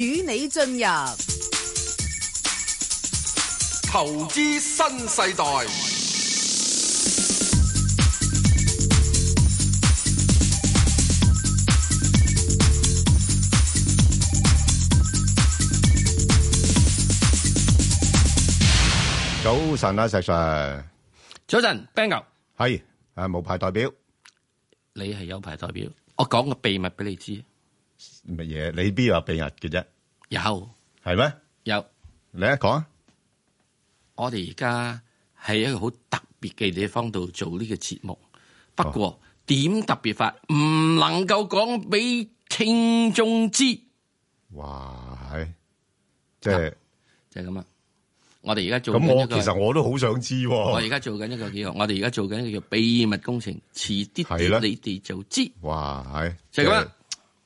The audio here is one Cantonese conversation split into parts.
與你進入投資新世代。早晨啦，石 Sir。早晨，Ben 牛係啊，無牌代表。你係有牌代表。我講個秘密俾你知。乜嘢？你邊有秘密嘅啫？有係咩？有你一講。我哋而家係一個好特別嘅地方度做呢個節目，不過、哦、點特別法唔能夠講俾聽眾知。哇！係即係就係咁啊！我哋而家做咁，我,我一個其實我都好想知、哦。我而家做緊一個叫做我哋而家做緊一個叫秘密工程，遲啲你哋就知。哇！係就係咁啊！就是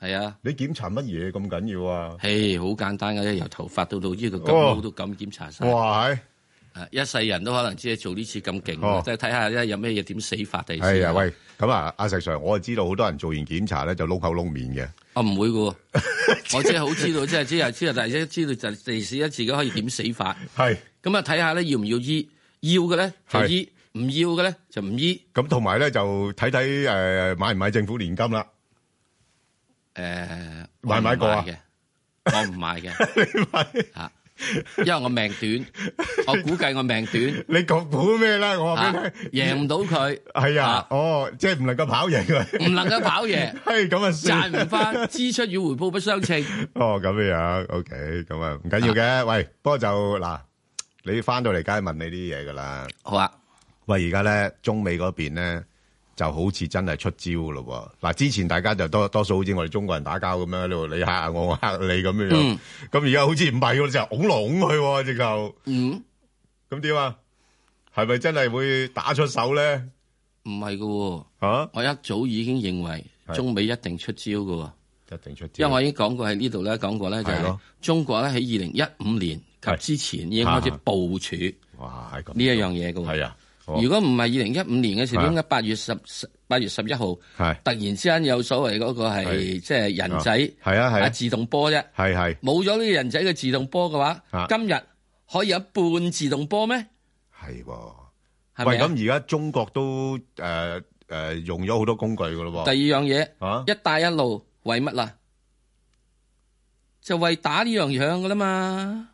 係啊！你檢查乜嘢咁緊要啊？誒，好簡單嘅，由頭髮到到呢個咁都咁檢查晒。哇！一世人都可能只係做呢次咁勁，即係睇下有咩嘢點死法定。係啊，喂，咁啊，阿石 Sir，我就知道好多人做完檢查咧就撈口撈面嘅。啊、 我唔會噶，我只係好知道，即 係知啊知啊，但係一知道就第四一自己可以點死法。係。咁啊，睇下咧要唔要醫？要嘅咧就醫，唔要嘅咧就唔醫。咁同埋咧就睇睇誒買唔買政府年金啦。誒，買唔買股啊？我唔買嘅，吓，因為我命短，我估計我命短。你講估咩啦？我贏唔到佢，係啊，哦，即係唔能夠跑贏佢，唔能夠跑贏，係咁啊，賺唔翻，支出與回報不相稱。哦，咁樣，OK，咁啊，唔緊要嘅。喂，不過就嗱，你翻到嚟梗係問你啲嘢噶啦。好啊，喂，而家咧中美嗰邊咧。就好似真係出招嘅咯喎！嗱，之前大家就多多數好似我哋中國人打交咁樣，你嚇我，我嚇你咁樣，咁而家好似唔係喎，就拱攏佢直球。嗯，咁點啊？係咪、嗯、真係會打出手咧？唔係㗎喎。我一早已經認為中美一定出招㗎喎，一定出招。因為我已經講過喺呢度咧，講過咧就係中國咧喺二零一五年及之前已經開始部署，哇，係咁呢一樣嘢嘅喎，係啊。哦、如果唔係二零一五年嘅時，咁嘅八月十八月十一號，係突然之間有所謂嗰個係即係人仔，係、哦、啊係啊自動波啫，係係冇咗呢個人仔嘅自動波嘅話、啊，今日可以有半自動波咩？係喎、啊。喂，咁而家中國都誒誒、呃呃、用咗好多工具噶咯喎。第二樣嘢、啊、一帶一路為乜啦？就為打呢樣嘢㗎啦嘛。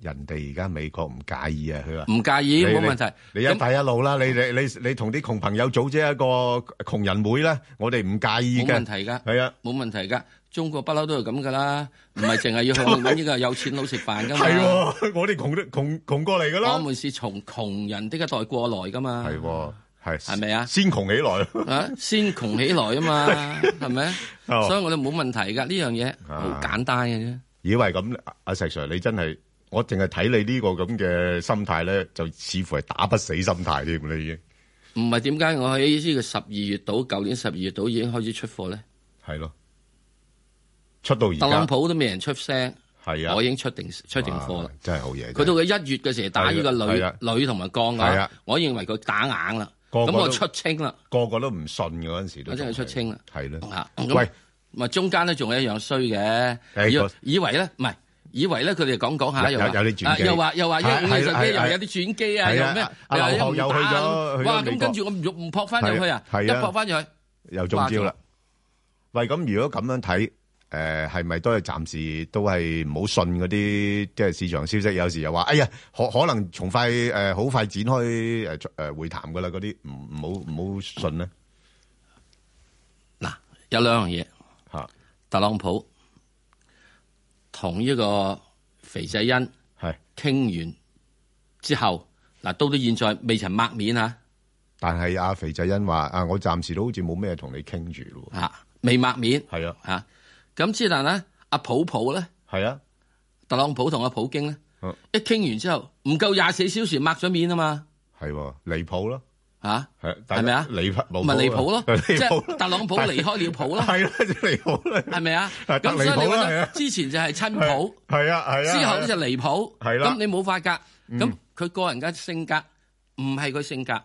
人哋而家美國唔介意啊，佢話唔介意冇問題。你一帶一路啦，你你你你同啲窮朋友組織一個窮人會啦，我哋唔介意嘅。冇問題噶，係啊，冇問題噶。中國不嬲都係咁噶啦，唔係淨係要去搵呢個有錢佬食飯㗎嘛。係喎，我哋窮都窮窮過嚟㗎啦。我們是從窮人的一代過來㗎嘛。係喎，係係咪啊？先窮起來啊！先窮起來啊嘛，係咪啊？所以我哋冇問題㗎，呢樣嘢好簡單嘅啫。以為咁阿石 Sir，你真係～我淨係睇你這個這呢個咁嘅心態咧，就似乎係打不死心態添你已經。唔係點解我喺呢個十二月到，舊年十二月到已經開始出貨咧？係咯，出到而家特朗普都未人出聲，係啊，我已經出定出定貨啦。真係好嘢！佢到佢一月嘅時候打呢個鋁，鋁同埋鋼啊，我認為佢打硬啦，咁我出清啦，個個都唔信嗰陣時都真係出清啦，係啦、啊，喂，咪中間咧仲有一樣衰嘅，欸，以為咧唔係。以為咧，佢哋講講下又話有啲轉機，又話又話啲，又話有啲轉機啊！又咩？又又去咗哇？咁跟住我唔撲翻入去啊？係啊，撲翻入去，又中招啦！喂，咁如果咁樣睇，誒，係咪都係暫時都係唔好信嗰啲即係市場消息？有時又話，哎呀，可可能從快誒好快展開誒誒會談噶啦？嗰啲唔唔好唔好信咧。嗱，有兩樣嘢嚇，特朗普。同呢個肥仔欣係傾完之後，嗱，到到現在未曾擘面，但啊，面啊，啊！但係阿肥仔欣話，啊，我暫時都好似冇咩同你傾住咯。吓，未擘面。係啊，吓，咁之但咧，阿普普咧，係啊，特朗普同阿普京咧，啊，一傾完之後，唔夠廿四小時擘咗面啊嘛。係離譜咯！離譜吓，係係咪啊？離譜咪離譜咯，即係特朗普離開了普咯，係啦，係離譜，係咪啊？咁所以你覺得之前就係親譜，係啊係啊，之後就離譜係啦。咁你冇法格，咁、嗯、佢個人嘅性格，唔係佢性格，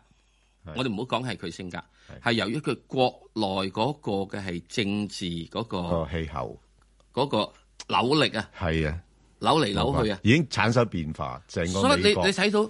我哋唔好講係佢性格，係由於佢國內嗰個嘅係政治嗰、嗰個氣候，嗰、嗰個扭力啊，係啊，扭嚟扭去啊，已經產生變化，成個美國，所以你你睇到。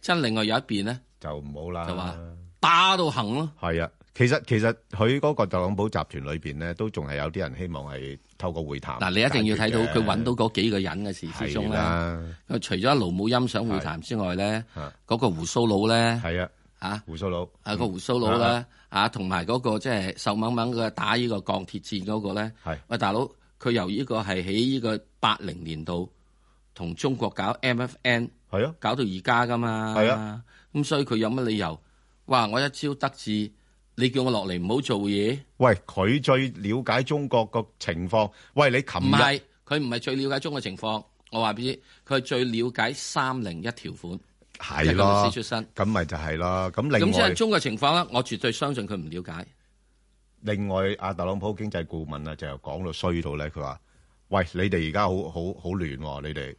真另外有一邊咧，就唔好啦，就話打到行咯、啊。係啊，其實其實佢嗰個特朗普集團裏面咧，都仲係有啲人希望係透過會談嗱、啊。你一定要睇到佢揾到嗰幾個人嘅事之中啦、啊。除咗一路冇音響會談之外咧，嗰、啊那個胡鬚佬咧，係啊，啊，胡鬍鬚佬係個胡鬚佬咧，同埋嗰個即係瘦掹掹嘅打呢個鋼鐵戰嗰個咧，係喂、啊啊、大佬，佢由呢個係喺呢個八零年度同中國搞 MFN。係咯、啊，搞到而家噶嘛？係啊，咁所以佢有乜理由？哇！我一朝得志，你叫我落嚟唔好做嘢？喂，佢最了解中國個情況。喂，你琴日唔係佢唔係最了解中國情況？我話俾你知，佢最了解三零一條款。係咯、啊，咁咪就係、是、咯。咁另外，咁即係中國情況啦，我絕對相信佢唔了解。另外，阿特朗普經濟顧問啊，就講、是、到衰到咧，佢話：喂，你哋而家好好好亂、哦，你哋。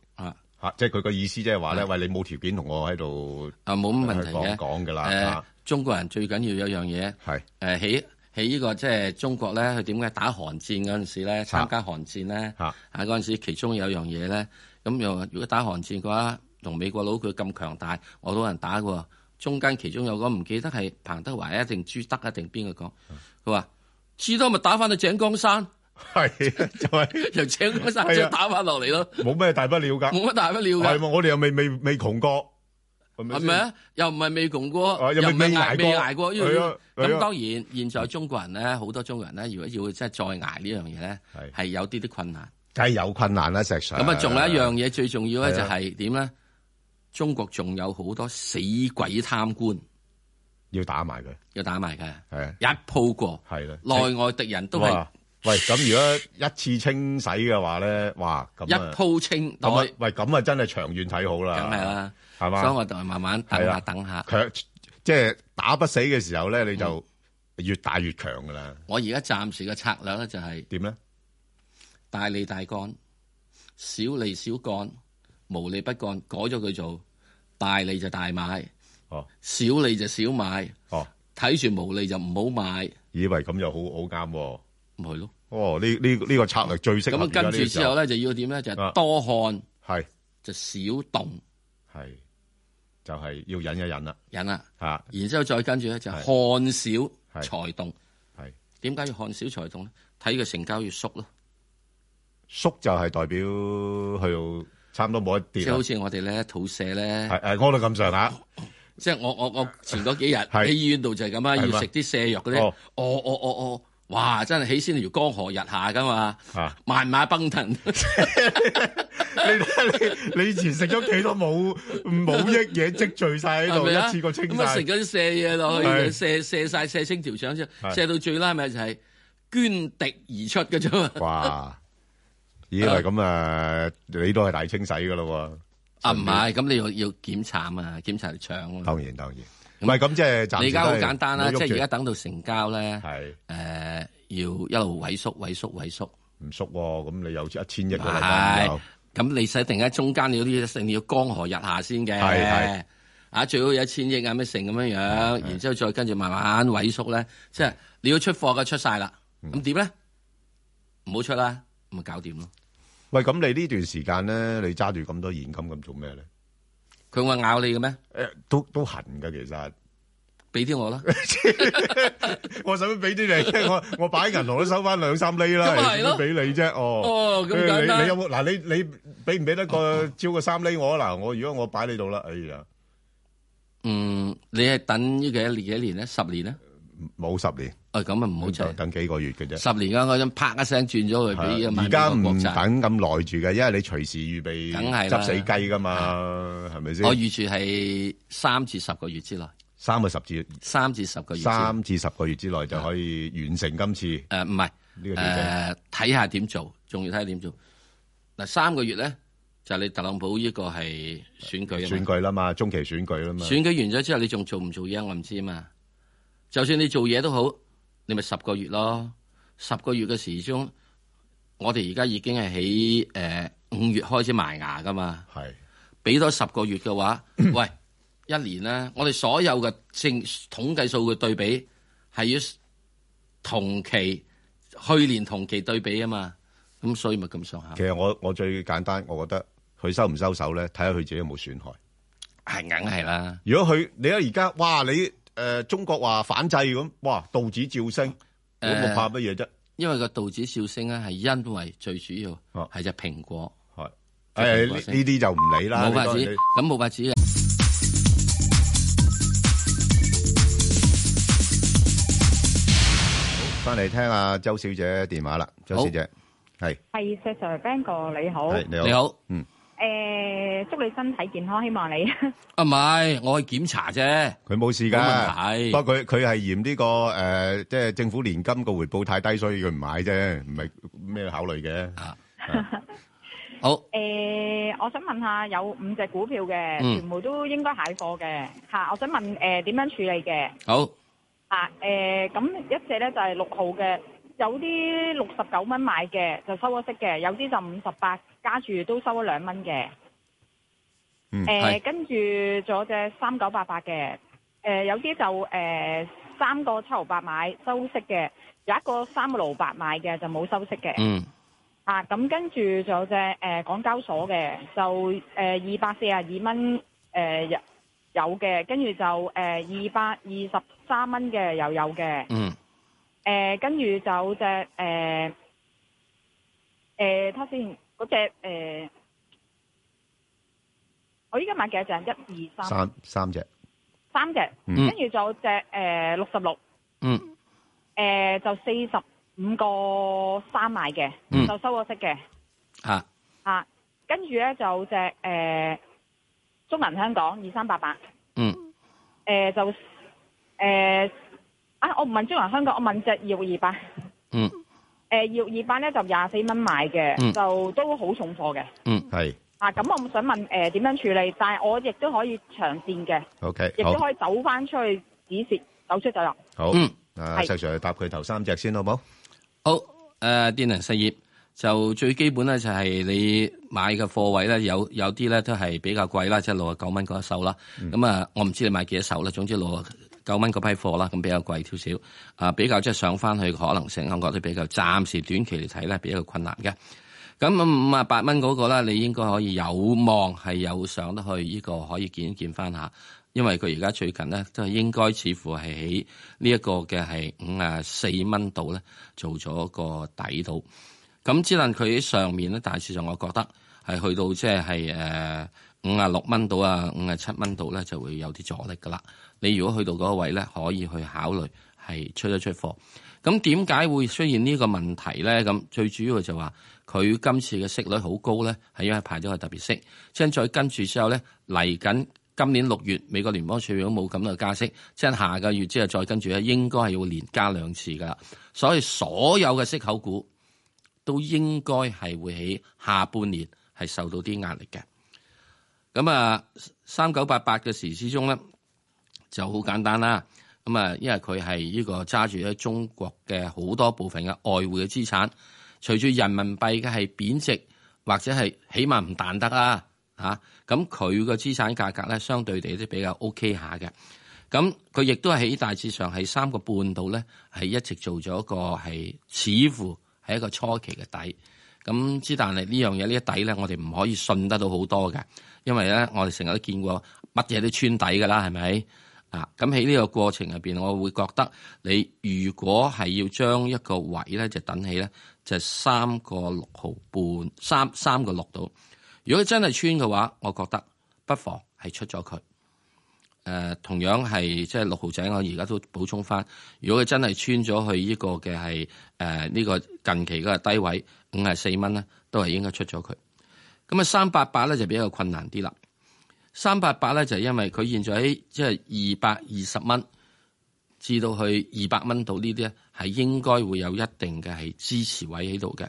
嚇、啊！即係佢個意思，即係話咧，喂，你冇條件同我喺度，冇問題講講嘅啦。中國人最緊要有樣嘢，係誒呢個即係、就是、中國咧，佢點解打韓戰嗰陣時咧，參加韓戰咧？啊，嗰、啊、陣時其中有樣嘢咧，咁如果打韓戰嘅話，同美國佬佢咁強大，我都有人打喎。中間其中有個唔記得係彭德懷一定朱德一定邊個講，佢話最多咪打翻到井岡山。係、啊、就係就請嗰三張打返落嚟咯，冇咩、啊、大不了噶冇乜大不了噶係嘛、啊？我哋又未未未窮過，係咪啊？又唔係未窮過，又、啊、未挨未挨過，咁、啊啊嗯、當然，現在中國人咧，好多中國人咧，如果要真係再挨呢樣嘢咧，係、啊、有啲啲困難，係有困難啦，石常。咁啊，仲有一樣嘢、啊、最重要咧、就是，就係點咧？中國仲有好多死鬼貪官，要打埋佢，要打埋佢，係、啊、一鋪過，係內、啊、外敵人都係。喂，咁如果一次清洗嘅話咧，哇，咁一鋪清，咁喂，咁啊真係長遠睇好啦，梗係啦，係嘛，所以我就慢慢等下，等下，即係、就是、打不死嘅時候咧，你就越打越強噶啦。我而家暫時嘅策略咧就係點咧？大利大幹，小利小幹，無利不幹。改咗佢做大利就大買，哦，小利就小買，哦，睇住無利就唔好買。以為咁又好好啱喎。唔係咯，哦，呢呢呢個策略最適合咁，跟住之後咧就要點咧？就係、是、多看，係、啊、就少動，係就係、是、要忍一忍啦、啊，忍啦、啊、吓、啊。然之後再跟住咧就係看少才動，係點解要看少才動咧？睇佢成交要縮咯，縮就係代表去差唔多冇一啲。就是啊、 即係好似我哋咧肚瀉咧，係係屙到咁上下。即係我我我前嗰幾日喺 醫院度就係咁樣要食啲瀉藥嗰啲。哦哦哦哦。哦哦哇！真係起先係條江河日下噶嘛，萬馬奔騰。慢慢 你睇下你，你以前食咗幾多冇冇益嘢積聚晒喺度，一次過清晒。咁啊，食咗啲瀉嘢落去，瀉瀉晒瀉清條腸啫，射到最啦，咪就係捐滴而出嘅啫？ 哇！依家咁啊，你都係大清洗噶咯喎。啊，唔係，咁、啊、你要要檢查啊，檢查條腸。當然，當然。唔係咁，即係你而家好簡單啦，即係而家等到成交咧，係誒、呃，要一路萎縮、萎縮、哦、萎縮，唔縮喎，咁你有千一千億嘅啦，咁你使定喺中間有啲剩，要、要江河日下先嘅，係係，啊最好有一千億啊咩成咁樣樣，然之後再跟住慢慢萎縮咧，即係你要出貨嘅出晒啦，咁點咧？唔好出啦，咁咪搞掂咯、嗯。喂，咁你呢段時間咧，你揸住咁多現金咁做咩咧？佢會咬你嘅咩？誒，都都痕噶，其實俾啲我啦，我想俾啲你，我我擺銀行,都收翻兩三厘啦，唔俾你啫，哦，哦，咁簡單。嗱，你你俾唔俾得過超過三厘我啊？嗱，我如果我擺你度啦，哎呀，嗯，你係等呢幾幾幾年咧？十年咧？冇十年。咁、哦、啊，唔好錯，等幾個月嘅啫。十年嗰陣拍一聲轉咗去國國，而家唔等咁耐住嘅，因為你隨時預備執死雞噶嘛，係咪先？我預住係三至十個月之內。三個十至三至十個月之內。三至十個月之內就可以完成今次。誒唔係誒，睇下點做，仲要睇下點做。嗱，三個月咧就係、是、你特朗普呢個係選舉啊，選舉啦嘛，中期選舉啦嘛。選舉完咗之後，你仲做唔做嘢？我唔知啊嘛。就算你做嘢都好。你咪十個月咯，十個月嘅時鐘，我哋而家已經係喺誒五月開始埋牙噶嘛。係，俾多十個月嘅話， 喂，一年咧，我哋所有嘅正統計數據對比係要同期去年同期對比啊嘛。咁所以咪咁上下。其實我我最簡單，我覺得佢收唔收手咧，睇下佢自己有冇損害，係梗係啦。如果佢你睇而家，哇你。誒，中國話反制咁，哇，道指照升，我冇怕乜嘢啫？因為個道指照升咧，係因為最主要係隻蘋果。係誒，呢啲就唔理啦。冇法子，咁冇法子。翻嚟聽下周小姐電話啦，周小姐係，係 Sir Ben 哥，你好，你好，你好，嗯。誒，祝你身體健康，希望你啊，唔係我去檢查啫，佢冇事噶，不過佢佢係嫌呢個誒，即係政府年金個回報太低，所以佢唔買啫，唔係咩考慮嘅。好，誒，我想問下有五隻股票嘅，全部都應該蟹貨嘅吓，我想問誒點樣處理嘅？好，啊，誒，咁一隻咧就係六號嘅。有啲六十九蚊買嘅就收咗息嘅，有啲就五十八加住都收咗兩蚊嘅。嗯，呃、跟住仲有隻三九八八嘅，誒、呃、有啲就誒三、呃、個七毫八買收息嘅，有一個三個六八買嘅就冇收息嘅。嗯，啊咁跟住仲有隻誒、呃、港交所嘅就誒二百四十二蚊誒有嘅，跟住就誒二百二十三蚊嘅又有嘅。嗯。誒、呃，跟住就隻誒誒，睇、呃、下、呃、先嗰隻誒、呃，我依家買幾多隻？一、二、三。三三隻。三隻，嗯、跟住就隻誒六十六。嗯。誒、啊啊呃嗯呃，就四十五個三買嘅，就收咗息嘅。吓啊跟住咧就隻誒中銀香港二三八八。嗯。誒，就誒。啊！我唔問中華香港，我問隻耀二八。嗯。誒耀二八咧就廿四蚊買嘅、嗯，就都好重貨嘅。嗯，係、啊。啊，咁我唔想問誒點、呃、樣處理，但係我亦都可以長線嘅。O K。亦都可以走翻出去止蝕，走出走落。好。嗯。係、啊。石水答佢頭三隻先好冇好？好。誒、呃、電能實業就最基本咧就係你買嘅貨位咧有有啲咧都係比較貴啦，即係六十九蚊嗰一手啦。咁、嗯、啊，我唔知道你買幾多手啦，總之六九蚊嗰批貨啦，咁比較貴少少，啊，比較即係上翻去可能性，我覺得比較暫時短期嚟睇咧，比較困難嘅。咁五啊八蚊嗰個咧，你應該可以有望係有上得去呢個，可以見一見翻下，因為佢而家最近咧都應該似乎係喺呢一個嘅係五啊四蚊度咧做咗個底度，咁只能佢上面咧，大致上我覺得係去到即係係五啊六蚊度啊，五啊七蚊度咧就會有啲阻力噶啦。你如果去到嗰位咧，可以去考慮係出一出貨。咁點解會出現呢個問題咧？咁最主要就話，佢今次嘅息率好高咧，係因為排咗個特別息。即係再跟住之後咧，嚟緊今年六月美國聯邦儲備都冇咁嘅加息，即係下個月之後再跟住咧，應該係要連加兩次噶。所以所有嘅息口股都應該係會喺下半年係受到啲壓力嘅。咁啊，三九八八嘅時之中咧。就好簡單啦，咁啊，因為佢係呢個揸住喺中國嘅好多部分嘅外匯嘅資產，隨住人民幣嘅係貶值或者係起碼唔彈得啦，嚇，咁佢個資產價格咧，相對地都比較 OK 下嘅，咁佢亦都係喺大致上係三個半度咧，係一直做咗一個係似乎係一個初期嘅底，咁之但係呢樣嘢呢一底咧，我哋唔可以信得到好多嘅，因為咧，我哋成日都見過乜嘢都穿底噶啦，係咪？啊，咁喺呢個過程入面，我會覺得你如果係要將一個位咧就等起咧，就三個六毫半，三三個六度。如果真係穿嘅話，我覺得不妨係出咗佢。誒、呃，同樣係即係六毫仔，我而家都補充返。如果佢真係穿咗去呢個嘅係誒呢個近期嗰個低位五十四蚊咧，都係應該出咗佢。咁啊，三八八咧就比較困難啲啦。三八八咧就係因為佢現在喺即係二百二十蚊至到去二百蚊度呢啲咧係應該會有一定嘅係支持位喺度嘅。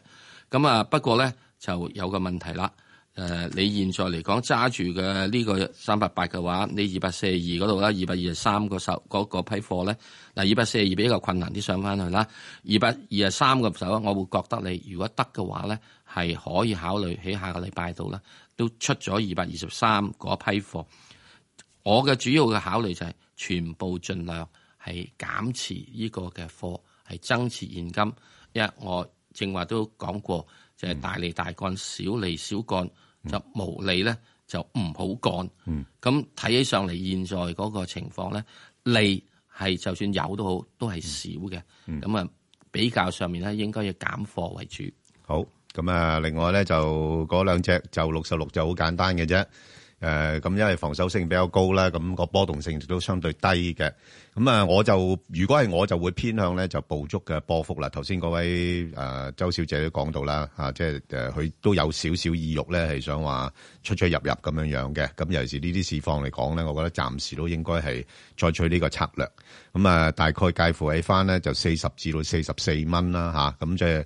咁啊不過咧就有個問題啦。誒，你現在嚟講揸住嘅呢個三百八嘅話，你二百四十二嗰度啦，二百二十三個手嗰、嗰個批貨咧，嗱二百四十二比較困難啲上翻去啦。二百二十三個手，我會覺得你如果得嘅話咧，係可以考慮喺下個禮拜度啦。都出咗二百二十三嗰批貨，我嘅主要嘅考慮就係全部盡量係減持呢個嘅貨，係增持現金，因為我正話都講過，就係、是、大利大幹，小利小幹、嗯，就無利咧就唔好幹。嗯，咁睇起上嚟，現在嗰個情況咧，利係就算有都好，都係少嘅。咁、嗯、啊、嗯、比較上面咧，應該要減貨為主。好。咁啊，另外咧就嗰兩隻就六十六就好簡單嘅啫。誒，咁因為防守性比較高啦，咁個波動性亦都相對低嘅。咁啊，我就如果係我就會偏向咧就捕捉嘅波幅啦。頭先嗰位誒周小姐都講到啦，吓，即係誒佢都有少少意欲咧，係想話出出入入咁樣樣嘅。咁尤其是呢啲市況嚟講咧，我覺得暫時都應該係採取呢個策略。咁啊，大概介乎喺翻咧就四十至到四十四蚊啦，吓，咁即係。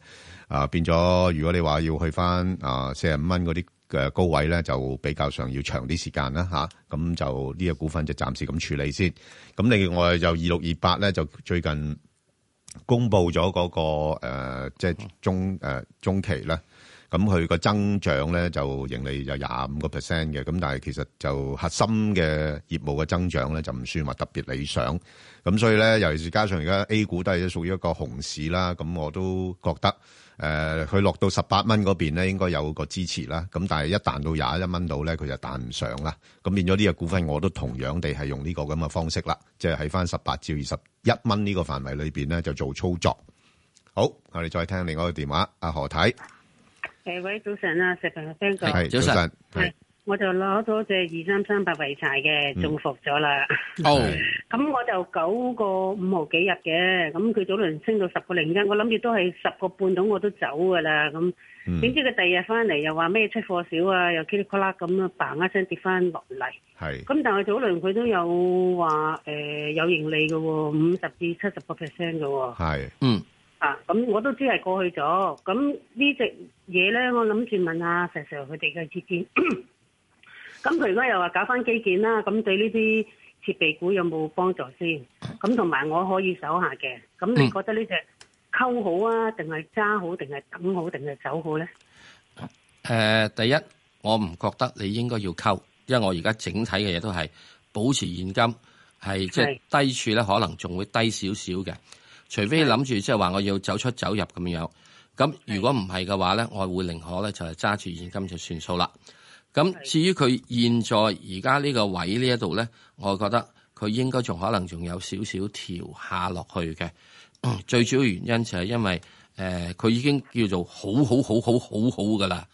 啊，變咗。如果你話要去翻啊四十五蚊嗰啲嘅高位咧，就比較上要長啲時間啦。咁、吓、就呢個股份就暫時咁處理先。咁另外就二六二八咧，就最近公布咗嗰個即係、呃就是、中誒、呃、中期呢。咁佢個增長咧就盈利有廿五個 percent 嘅。咁但係其實就核心嘅業務嘅增長咧就唔算話特別理想。咁所以咧，尤其是加上而家 A 股都係屬於一個熊市啦。咁我都覺得。誒、呃，佢落到十八蚊嗰邊咧，應該有個支持啦。咁但係一彈到廿一蚊度咧，佢就彈唔上啦。咁變咗呢個股份，我都同樣地係用呢個咁嘅方式啦，即係喺返十八至二十一蚊呢個範圍裏面咧，就做操作。好，我哋再聽另外一個電話，阿何太，誒、hey，喂、hey，早晨啊，食平早晨。係。我就攞咗隻二三三八圍柴嘅中伏咗啦。嗯、 哦，咁我就九個五毫幾日嘅，咁佢早輪升到十個零一，我諗住都係十個半到我都走㗎啦。咁點、嗯、知佢第二日翻嚟又話咩出貨少啊，又噼哩啪啦咁啊嘭 a 一聲跌翻落嚟。係。咁但係早輪佢都有話誒、呃、有盈利嘅喎、哦，五十至七十個 percent 嘅喎。係。嗯。啊，咁我都知係過去咗。咁呢隻嘢咧，我諗住問下石 i Sir 佢哋嘅意見。 咁佢而家又話搞翻基建啦，咁對呢啲設備股有冇幫助先？咁同埋我可以守下嘅。咁你覺得呢隻溝好啊，定係揸好，定係等好，定係走好咧？誒，第一，我唔覺得你應該要溝，因為我而家整體嘅嘢都係保持現金，係即係低處咧，可能仲會低少少嘅。除非你諗住即係話我要走出走入咁樣。咁如果唔係嘅話咧，我會寧可咧就係揸住現金就算數啦。咁至於佢現在而家呢個位呢一度咧，我覺得佢應該仲可能仲有少少調下落去嘅。 最主要原因就係因為佢、呃、已經叫做好好好，好好好好好嘅啦。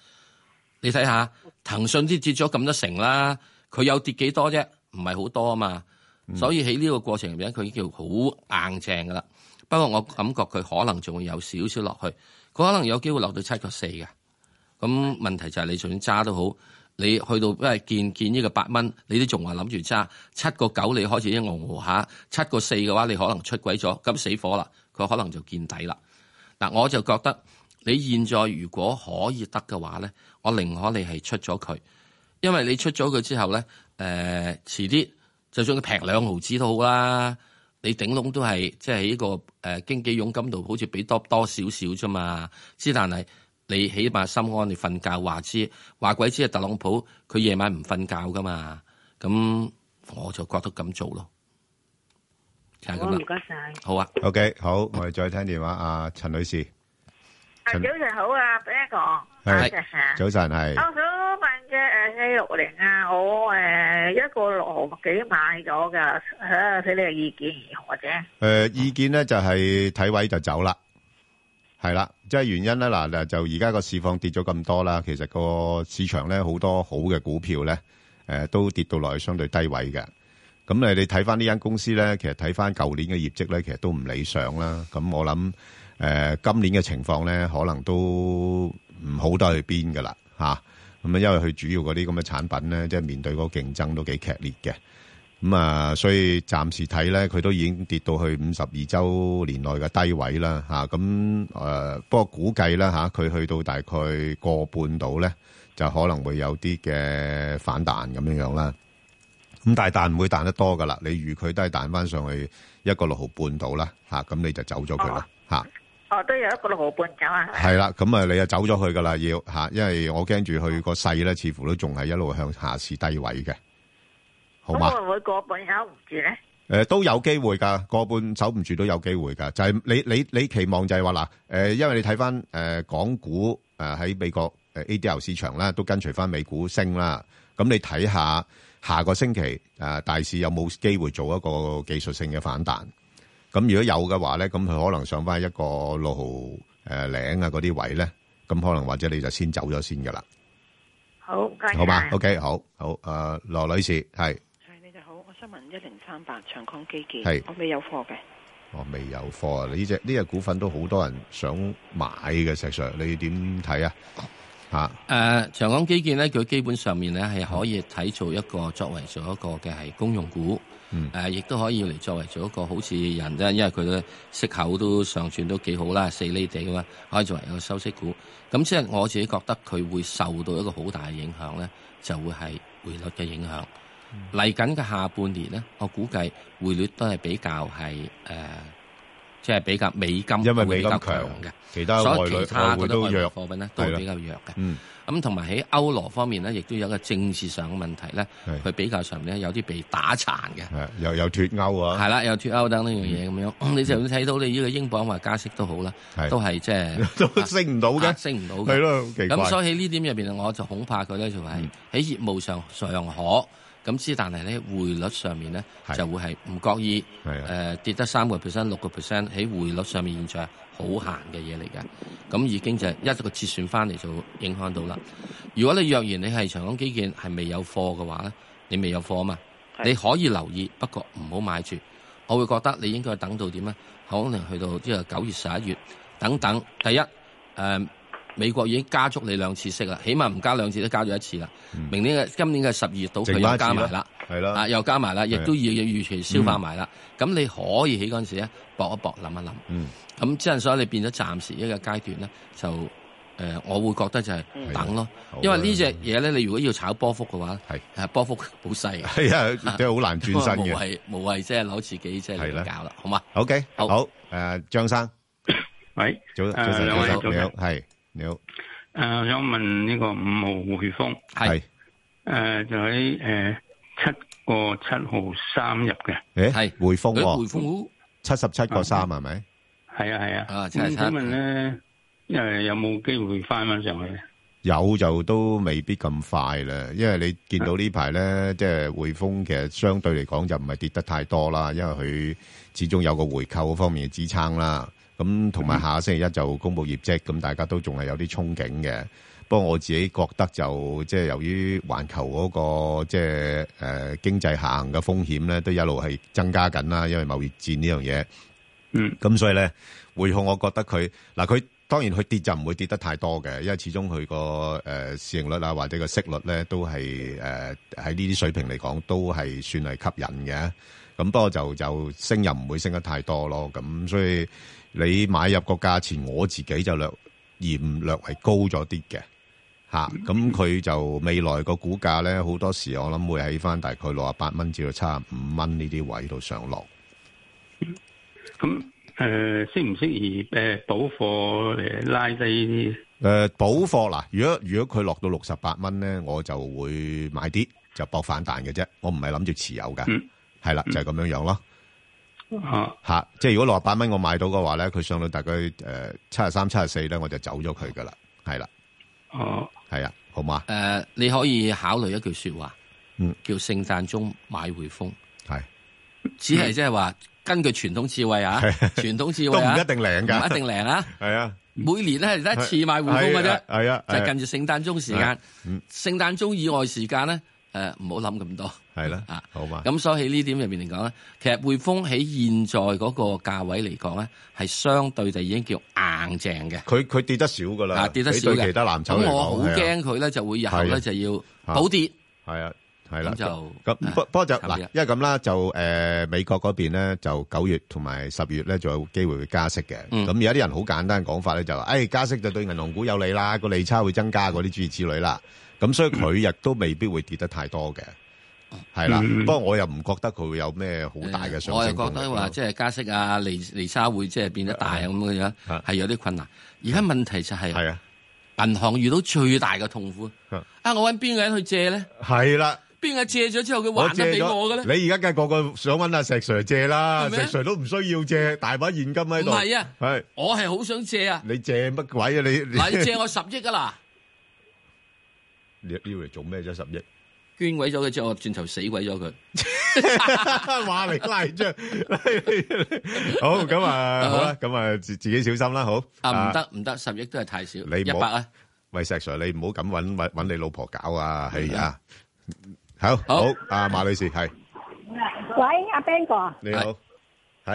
你睇下騰訊啲跌咗咁多成啦，佢有跌幾多啫？唔係好多啊嘛、嗯。所以喺呢個過程入面，佢已經叫好硬淨㗎啦。不過我感覺佢可能仲會有少少落去，佢可能有機會留到七個四嘅。咁問題就係你就算揸都好。你去到因為見見呢個八蚊，你都仲話諗住揸七個九，你開始一鵪鶉下七個四嘅話，你可能出軌咗，咁死火啦，佢可能就見底啦。嗱，我就覺得你現在如果可以得嘅話咧，我寧可你係出咗佢，因為你出咗佢之後咧，誒、呃、遲啲就算佢平兩毫子都好啦，你頂籠都係即係喺呢個誒經紀佣金度好似俾多多少少啫嘛，之但係。你起碼心安，你瞓覺話知話鬼知啊！特朗普佢夜晚唔瞓覺噶嘛，咁我就覺得咁做咯。陳哥，唔該曬，好啊。O K，好，我哋再聽電話啊，陳女士。啊，早晨好啊，第一個。係，早晨係。我想問嘅誒 A 六零啊，我誒一個六毫幾買咗㗎，啊，睇你嘅意見如何啫。誒意見咧就係睇位就走啦。係啦，即係原因咧嗱嗱，就而家個市況跌咗咁多啦。其實個市場咧好多好嘅股票咧，誒、呃、都跌到落去相對低位嘅。咁你你睇翻，呢間公司咧，其實睇翻舊年嘅業績咧，其實都唔理想啦。咁我諗誒、呃、今年嘅情況咧，可能都唔好得去邊噶啦吓。咁啊，因為佢主要嗰啲咁嘅產品咧，即係面對嗰個競爭都幾劇烈嘅。咁、嗯、啊，所以暫時睇咧，佢都已經跌到去五十二週內嘅低位啦，咁、啊、誒、嗯呃。不過估計呢，佢、啊、去到大概個半度咧，就可能會有啲嘅反彈咁樣樣啦。咁、嗯、但彈唔會彈得多噶啦，你預佢都係彈翻上去一個六毫半度啦，咁、啊、你就走咗佢啦，嚇。哦、啊啊，都有一個六毫半走啊。係啦，咁、嗯、啊，你就走咗佢噶啦，要、啊、因為我驚住佢個勢咧，似乎都仲係一路向下試低位嘅。好吧？會唔會過半守唔住咧？誒、呃，都有機會噶，過半守唔住都有機會噶。就係、是、你你你期望就係話嗱，誒、呃，因為你睇翻誒港股誒喺美國誒 ADL 市場啦，都跟隨翻美股升啦。咁你睇下下個星期誒大市有冇機會做一個技術性嘅反彈？咁如果有嘅話咧，咁佢可能上翻一個六毫誒嶺啊嗰啲位咧，咁可能或者你就先走咗先噶啦。好，謝謝好吧 o、okay, K，好，好誒，羅、呃、女士係。萬一零三八長港基建，我沒有的，哦、未有貨嘅，我未有貨。呢隻呢隻股份都好多人想買嘅，石 s 你點睇啊？吓，誒，長港基建咧，佢基本上面咧係可以睇做一個作為做一個嘅係公用股，誒、嗯，亦、呃、都可以嚟，作為做一個好似人啫，因為佢嘅息口都上轉都幾好啦，四厘地嘛，可以作為一個收息股。咁即係我自己覺得佢會受到一個好大嘅影響咧，就會係匯率嘅影響。嚟緊嘅下半年咧，我估計匯率都係比較係誒，即、呃、係、就是、比較美金會比較強，因為美金強嘅，其他外所有其他嘅外匯貨品咧都係比較弱嘅。咁同埋喺歐羅方面咧，亦都有個政治上嘅問題咧，佢比較上咧有啲被打殘嘅，又有脱歐啊，係啦，有脫歐等等樣嘢咁樣。你就要睇到你呢個英鎊話加息都好啦，都係即係都升唔到嘅、啊，升唔到嘅。咁所以喺呢點入邊，我就恐怕佢咧就係喺業務上尚可。咁之，但係咧匯率上面咧就會係唔覺意誒、呃、跌得三個 percent、六個 percent 喺匯率上面現在好閒嘅嘢嚟嘅，咁已經就係一個折算翻嚟就影響到啦。如果你若然你係長江基建係未有貨嘅話咧，你未有貨啊嘛，你可以留意，不過唔好買住。我會覺得你應該等到點咧？可能去到即係九月、十一月等等。第一、呃美國已經加足你兩次息啦，起碼唔加兩次都加咗一次啦、嗯。明年嘅今年嘅十二月到期又加埋啦，係啦，又加埋啦，亦都要預期消化埋啦。咁、嗯、你可以起嗰陣時咧，搏一搏，諗一諗。咁即係所以你變咗暫時一個階段咧，就誒、呃，我會覺得就係等咯。因為隻呢隻嘢咧，你如果要炒波幅嘅話，係波幅好細，係啊，都好 難轉身嘅。無謂無謂，即係攞自己即係嚟搞啦，好嘛？OK 好好誒，uh, 張生，喂、uh,，早、uh, 早晨、uh,，你好，你好，你好，誒、呃，我想問呢個五號匯豐係，誒、呃，就喺誒七個七號三入嘅，誒、呃，係匯豐，匯豐七十七個三係咪？係啊係啊。咁、啊啊啊嗯嗯、請問咧，誒、嗯，因為有冇機會翻翻上去啊？有就都未必咁快啦，因為你見到呢排咧，即係匯豐其實相對嚟講就唔係跌得太多啦，因為佢始終有個回購方面嘅支撐啦。咁同埋下個星期一就公布業績，咁大家都仲係有啲憧憬嘅。不過我自己覺得就即係、就是、由於環球嗰、那個即係誒經濟下行嘅風險咧，都一路係增加緊啦。因為貿易戰呢樣嘢，嗯，咁所以咧匯控，我覺得佢嗱佢當然佢跌就唔會跌得太多嘅，因為始終佢個誒市盈率啊，或者個息率咧都係誒喺呢啲水平嚟講都係算係吸引嘅。咁不過就就升又唔會升得太多咯。咁所以。你買入個價錢，我自己就略嫌略為高咗啲嘅吓，咁、啊、佢就未來個股價咧，好多時我諗會喺翻大概六啊八蚊至到七啊五蚊呢啲位度上落。咁、嗯、誒，適唔適宜誒補貨嚟拉低？誒、呃，補貨嗱，如果如果佢落到六十八蚊咧，我就會買啲就搏反彈嘅啫，我唔係諗住持有嘅，係、嗯、啦，就係咁樣樣咯。嗯吓、啊啊，即係如果六十八蚊我買到嘅話咧，佢上到大概誒七十三、七十四咧，73, 74，我就走咗佢噶啦，係啦。哦，係啊，好嘛？誒、呃，你可以考慮一句說話，嗯，叫聖誕鐘買匯豐，係、嗯、只係即係話根據傳統智慧啊，傳統智慧、啊、都唔一定靈噶，唔一定靈啊？係啊，每年咧係得一次買匯豐嘅啫，係啊，就係近住聖誕鐘時間，聖誕、嗯、鐘以外時間咧。誒、呃，唔好諗咁多，係啦，啊，好嘛。咁所以喺呢點入邊嚟講咧，其實匯豐喺現在嗰個價位嚟講咧，係相對就已經叫硬淨嘅。佢佢跌得少噶啦、啊，跌比對其他藍籌股，啊、我好驚佢咧就會日後咧就要補跌。係啊，係啦，就、啊、咁。不過就嗱，因為咁啦，就誒、呃，美國嗰邊咧就九月同埋十月咧就有機會會加息嘅。咁、嗯、有啲人好簡單嘅講法咧就話，誒、哎，加息就對銀行股有利啦，個利差會增加嗰啲諸如此類啦。咁所以佢亦都未必會跌得太多嘅，係、哦、啦、嗯。不過我又唔覺得佢會有咩好大嘅上升空間。我又覺得話、嗯、即係加息啊、利利差會即係變得大咁嘅樣，係、啊、有啲困難。而、啊、家問題就係、是，銀、啊、行遇到最大嘅痛苦啊，啊！我搵邊個人去借咧？係啦，邊個借咗之後佢還得俾我嘅咧？你而家梗係個個想搵阿石 Sir 借啦，石 Sir 都唔需要借，大把現金喺度。唔係啊，係我係好想借啊！你借乜鬼啊？你你借我十億㗎啦！要嚟做咩啫？十億捐鬼咗佢，之後我轉頭死鬼咗佢，話嚟拉張。好咁啊，好啦，咁啊自自己小心啦。好啊，唔得唔得，十億都係太少，你唔好。喂，石 Sir，你唔好咁搵搵搵你老婆搞啊，係啊，好好，阿馬女士係。喂，阿 Ben 哥，你好。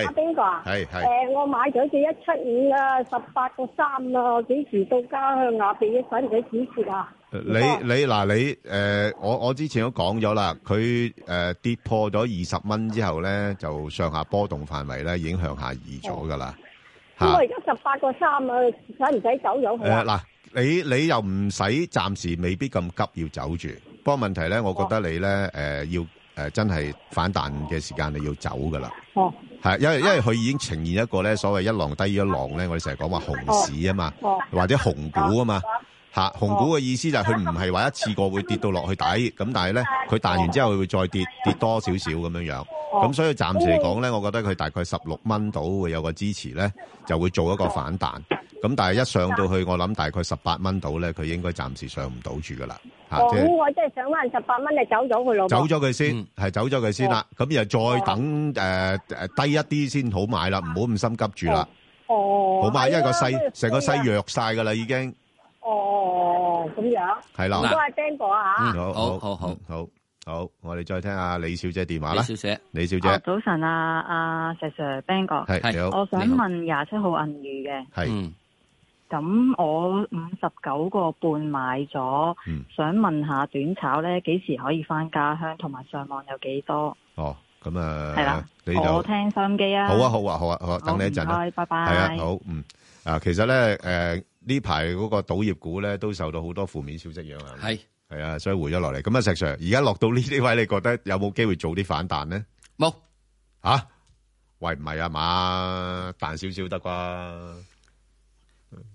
阿邊個啊？係係。誒、呃，我買咗隻一七五啦，十八個三啦，幾時到家鄉啊？變要使唔使止蝕啊？你你嗱，你誒、呃，我我之前都講咗啦，佢誒、呃、跌破咗二十蚊之後咧，就上下波動範圍咧已經向下移咗噶啦。我而家十八個三啊，使唔使走咗佢啊？嗱、呃呃，你你又唔使暫時未必咁急要走住。不過問題咧，我覺得你咧誒、哦呃、要誒、呃、真係反彈嘅時間你要走噶啦。哦係，因為因為佢已經呈現一個咧，所謂一浪低於一浪咧，我哋成日講話熊市啊嘛，或者熊股啊嘛，吓，熊股嘅意思就係佢唔係話一次過會跌到落去底，咁但係咧佢彈完之後佢會再跌，跌多少少咁樣樣，咁所以暫時嚟講咧，我覺得佢大概十六蚊度會有個支持咧，就會做一個反彈。咁但係一上到去，我諗大概十八蚊到咧，佢應該暫時上唔到住噶啦。咁我即係想返十八蚊，你走咗佢咯？走咗佢先，係走咗佢先啦。咁又再等誒誒低一啲先好買啦，唔好咁心急住啦。哦，好嘛，因為個勢成個勢弱晒噶啦，已經。哦，咁樣。係啦。都係 Bang 哥啊吓。好好好好好好，我哋再聽下李小姐電話啦。李小姐，李小姐。早晨啊啊 Sir Sir，Bang 哥。係你好。我想問廿七號銀娛嘅。係。咁我五十九個半買咗，嗯，想問下短炒咧幾時可以翻家鄉，同埋上網有幾多？哦，咁啊，你好聽收音機啊。好啊，好啊，好啊，好啊，好等你一陣啊。拜拜。係啊，好，嗯啊，其實咧，誒呢排嗰個賭業股咧都受到好多負面消息樣啊。係係啊，所以回咗落嚟。咁啊，石 Sir，而家落到呢啲位，你覺得有冇機會做啲反彈咧？冇嚇，啊，喂唔係啊嘛，彈少少得啩。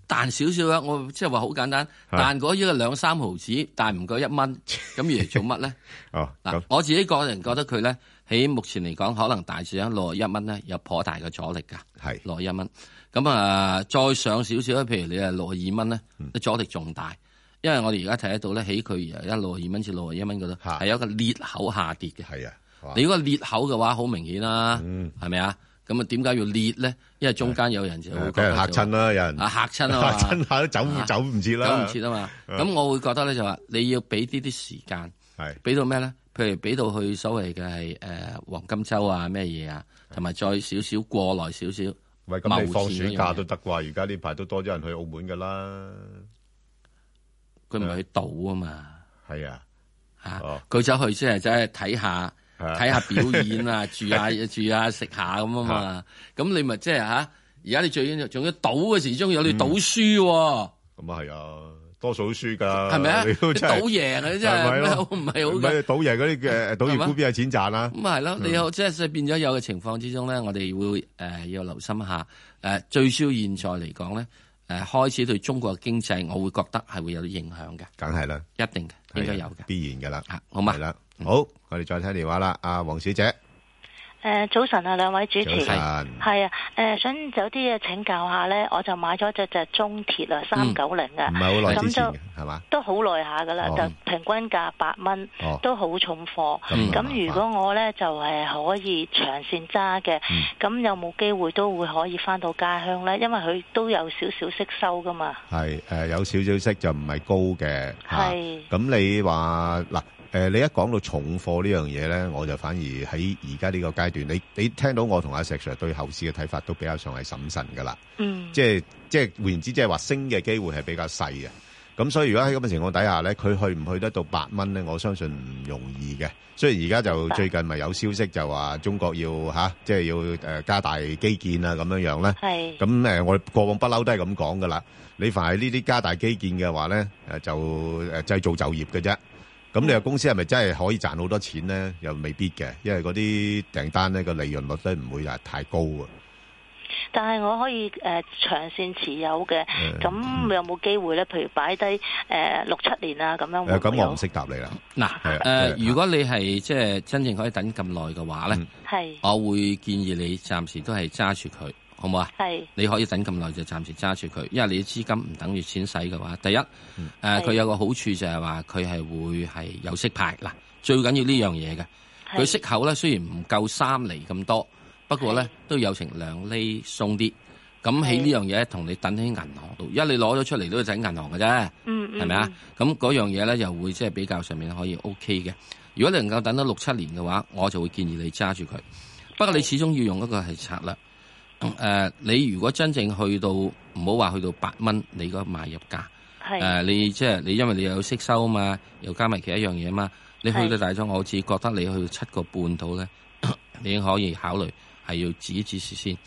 彈少少啦，我即係話好簡單，彈嗰呢個兩三毫紙，彈唔夠一蚊，咁而嚟做乜咧？哦，嗱、啊，我自己個人覺得佢咧，喺、嗯、目前嚟講，可能大致上六十一蚊咧，有頗大嘅阻力噶。係六十一蚊，咁啊、嗯，再上少少咧，譬如你係六二蚊咧，阻力仲大，因為我哋而家睇得到咧，起佢而家六二蚊至六十一蚊嗰度，係有一個裂口下跌嘅。係啊，你如果裂口嘅話，好明顯啦，係咪啊？嗯咁啊，點解要裂咧？因為中間有人就、啊、嚇親啦，有人嚇親啦，嚇親下都走走唔切啦，走唔切啊嘛。咁、啊、我會覺得咧就話你要俾啲啲時間，係俾到咩咧？譬如俾到去所謂嘅係誒黃金周啊，咩嘢啊，同埋再少少過來少少。喂咁，你放暑假都得啩？而家呢排都多咗人去澳門噶啦，佢唔係去賭啊嘛？係啊，佢、啊、走、啊啊、去先係真係睇下。睇下、啊、表演啊， 啊住下住下，食、啊、下咁啊嘛。咁、啊、你咪即係吓，而家你最緊要仲要賭嘅時候，終有你賭輸。咁啊係啊，嗯嗯嗯、多數都輸噶，係咪啊？你賭贏啊，、就是、啊，真係唔係好。賭贏嗰啲嘅賭業股邊有錢賺啊？咁係咯，你好，即係變咗有嘅情況之中咧，我哋會誒、呃、要留心下。誒、呃，最少現在嚟講咧，誒、呃呃、開始對中國嘅經濟，我會覺得係會有啲影響嘅。梗係啦，一定嘅，應該有嘅、啊，必然噶啦、啊。好嘛，係啦、啊。好，我哋再聽電話啦，阿黃小姐。誒，早晨啊，兩位主持。早晨。係啊，誒、呃，想有啲嘢請教下咧，我就買咗只隻中鐵啊，三九零啊，唔係好耐啲，係嘛，都好耐下噶啦，就平均價八蚊，哦，都好重貨。咁、嗯，如果我咧就係、是、可以長線揸嘅，咁、嗯、有冇機會都會可以翻到家鄉咧？因為佢都有少少息收噶嘛。係，誒，有少少息就唔係高嘅。係。咁你話嗱？誒、呃，你一講到重貨呢樣嘢咧，我就反而喺而家呢個階段，你你聽到我同阿石 Sir 對後市嘅睇法都比較上係審慎噶啦，嗯，即係即係換言之，即係話升嘅機會係比較細嘅。咁所以如果喺咁嘅情況底下咧，佢去唔去得到八蚊咧，我相信唔容易嘅。雖然而家就最近咪有消息就話中國要嚇，即係要誒加大基建啊咁樣樣咧，係咁我哋過往不嬲都係咁講噶啦。你凡係呢啲加大基建嘅話咧，誒就誒製造就業嘅啫。咁你嘅公司係咪真係可以賺好多錢咧？又未必嘅，因為嗰啲訂單咧個利潤率都唔會係太高啊。但係我可以誒、呃、長線持有嘅，咁、嗯、有冇機會咧？譬如擺低誒六七年會有啊，咁樣咁我唔識答你啦。嗱，誒、呃，如果你係即係真正可以等咁耐嘅話咧，係、嗯、我會建議你暫時都係揸住佢。好唔好啊？係你可以等咁耐就暫時揸住佢，因為你嘅資金唔等於錢使嘅話，第一，誒、嗯、佢、呃、有個好處就係話佢係會係有息派。嗱，最緊要呢樣嘢嘅，佢息口咧雖然唔夠三厘咁多，不過咧都有成兩厘鬆啲，咁起呢樣嘢同你等喺銀行度，一你攞咗出嚟都係整銀行嘅啫，係咪啊？咁嗰、嗯、樣嘢咧又會即係比較上面可以 O K 嘅，如果你能夠等到六七年嘅話，我就會建議你揸住佢。不過你始終要用一個係策略。誒、uh,，你如果真正去到唔好話去到八蚊、uh,，你個買入價，誒，你即係你，因為你有息收啊嘛，又加埋其他樣嘢嘛，你去到大中，我只覺得你去到七個半到咧，你可以考慮係要止一止蝕先。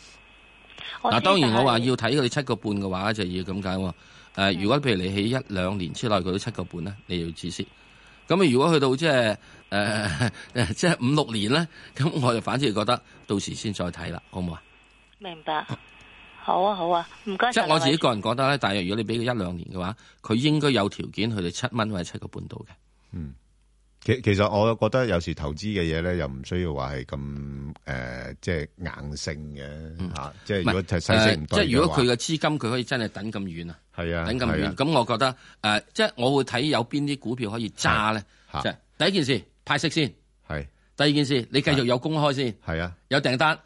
嗱，當然我話要睇佢哋七個半嘅話，就要咁解。誒、uh,，如果譬如你喺一兩年之內佢都七個半咧，你要止蝕。咁如果去到即係誒、呃、即係五六年咧，咁我就反而覺得到時先再睇啦，好唔好啊？明白，好啊好啊，唔該、啊。唔該即係我自己個人覺得咧，大約、嗯、係如果你俾佢一兩年嘅話，佢應該有條件，去到七蚊或者七個半度嘅。嗯，其其實我覺得有時投資嘅嘢咧，又唔需要話係咁誒，即係硬性嘅吓、嗯啊。即係、嗯、如果、呃、即係如果佢嘅資金，佢可以真係等咁遠啊？係啊，等咁遠。咁、啊、我覺得誒、呃，即係我會睇有邊啲股票可以揸咧。啊即係、第一件事派息先，係、啊。第二件事，你繼續有公開先，係啊，有訂單。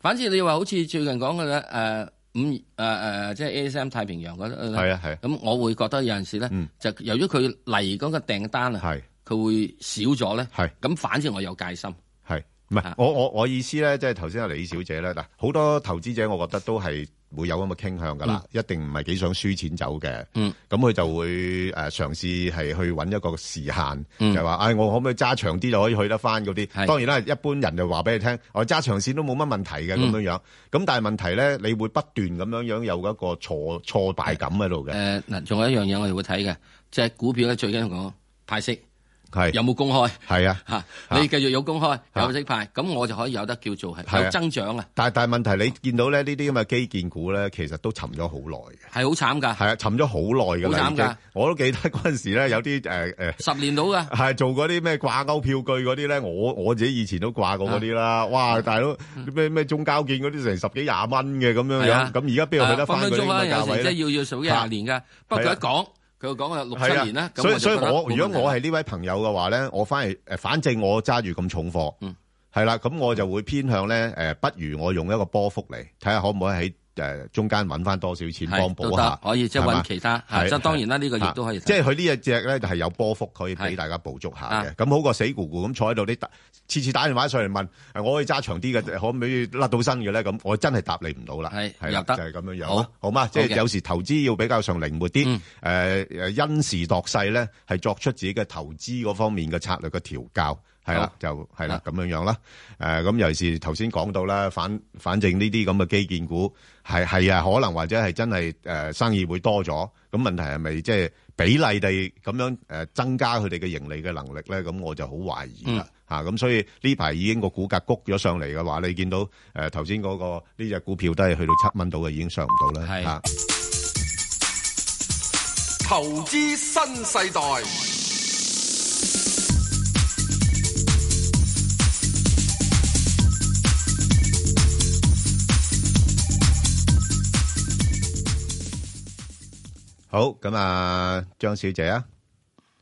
反正你話好似最近講嘅誒五誒誒、呃呃、即係 A S M 太平洋嗰，係啊係。咁、啊、我會覺得有陣時咧、嗯，就由於佢嚟嗰個訂單啊，係，佢會少咗咧，係。咁反正我有戒心，係。唔係、啊、我我我意思咧，即係頭先阿李小姐咧，嗱，好多投資者我覺得都係。會有咁嘅傾向噶啦、嗯，一定唔係幾想輸錢走嘅。咁、嗯、佢就會誒、呃、嘗試係去搵一個時限，嗯、就係、是、話，唉、哎，我可唔可以揸長啲就可以去得翻嗰啲？當然啦，一般人就話俾你聽，我揸長線都冇乜問題嘅咁、嗯、樣咁，但係問題咧，你會不斷咁樣樣有一個挫敗感喺度嘅。誒、嗯，嗱、呃，仲有一樣嘢我哋會睇嘅，即係股票咧，最緊要講派息。係有冇公開？係啊，吓，你繼續有公開有息派，咁我就可以有得叫做係有增長啊！但係但係問題，你見到咧呢啲咁嘅基建股咧，其實都沉咗好耐嘅。係好慘噶，係啊，沉咗好耐咁樣。好慘噶！我都記得嗰陣時咧，有啲誒誒，十年到噶，係做嗰啲咩掛鈎票據嗰啲咧，我我自己以前都掛過嗰啲啦。哇！大佬咩咩中交建嗰啲成十幾廿蚊嘅咁樣樣，咁而家邊度搵得翻佢嘅價位咧？要要數幾廿年噶，不過一講，佢講係六七年啦，所以所以我如果我係呢位朋友嘅話咧，我翻嚟誒，反正我揸住咁重貨，係、嗯、啦，咁我就會偏向咧誒，不如我用一個波幅嚟睇下可唔可以喺。誒中間揾翻多少錢幫補下可，可以即係揾其他，即係當然啦，呢、呢個亦都可以。即係佢呢一隻咧就係有波幅可以俾大家捕捉下嘅。咁好過死咕咕咁坐喺度，你次次打電話上嚟問，我可以揸長啲嘅，可唔可以甩到身嘅咧？咁我真係答你唔到啦。係，係啦，就係咁樣樣，好，好嘛。Okay. 即係有時投資要比較上靈活啲，誒、嗯、誒、呃、因時度勢咧，係作出自己嘅投資嗰方面嘅策略嘅調教。係啦，就係啦，咁樣樣啦。誒，咁尤其是頭先講到啦，反反正呢啲咁嘅基建股，係係啊，可能或者係真係誒生意會多咗。咁問題係咪即係比例地咁樣誒增加佢哋嘅盈利嘅能力咧？咁我就好懷疑啦。吓，咁所以呢排已經個股價谷咗上嚟嘅話，你見到誒頭先嗰個呢隻股票都係去到七蚊度嘅，已經上唔到啦。係。投資新世代。好咁啊，張小姐啊，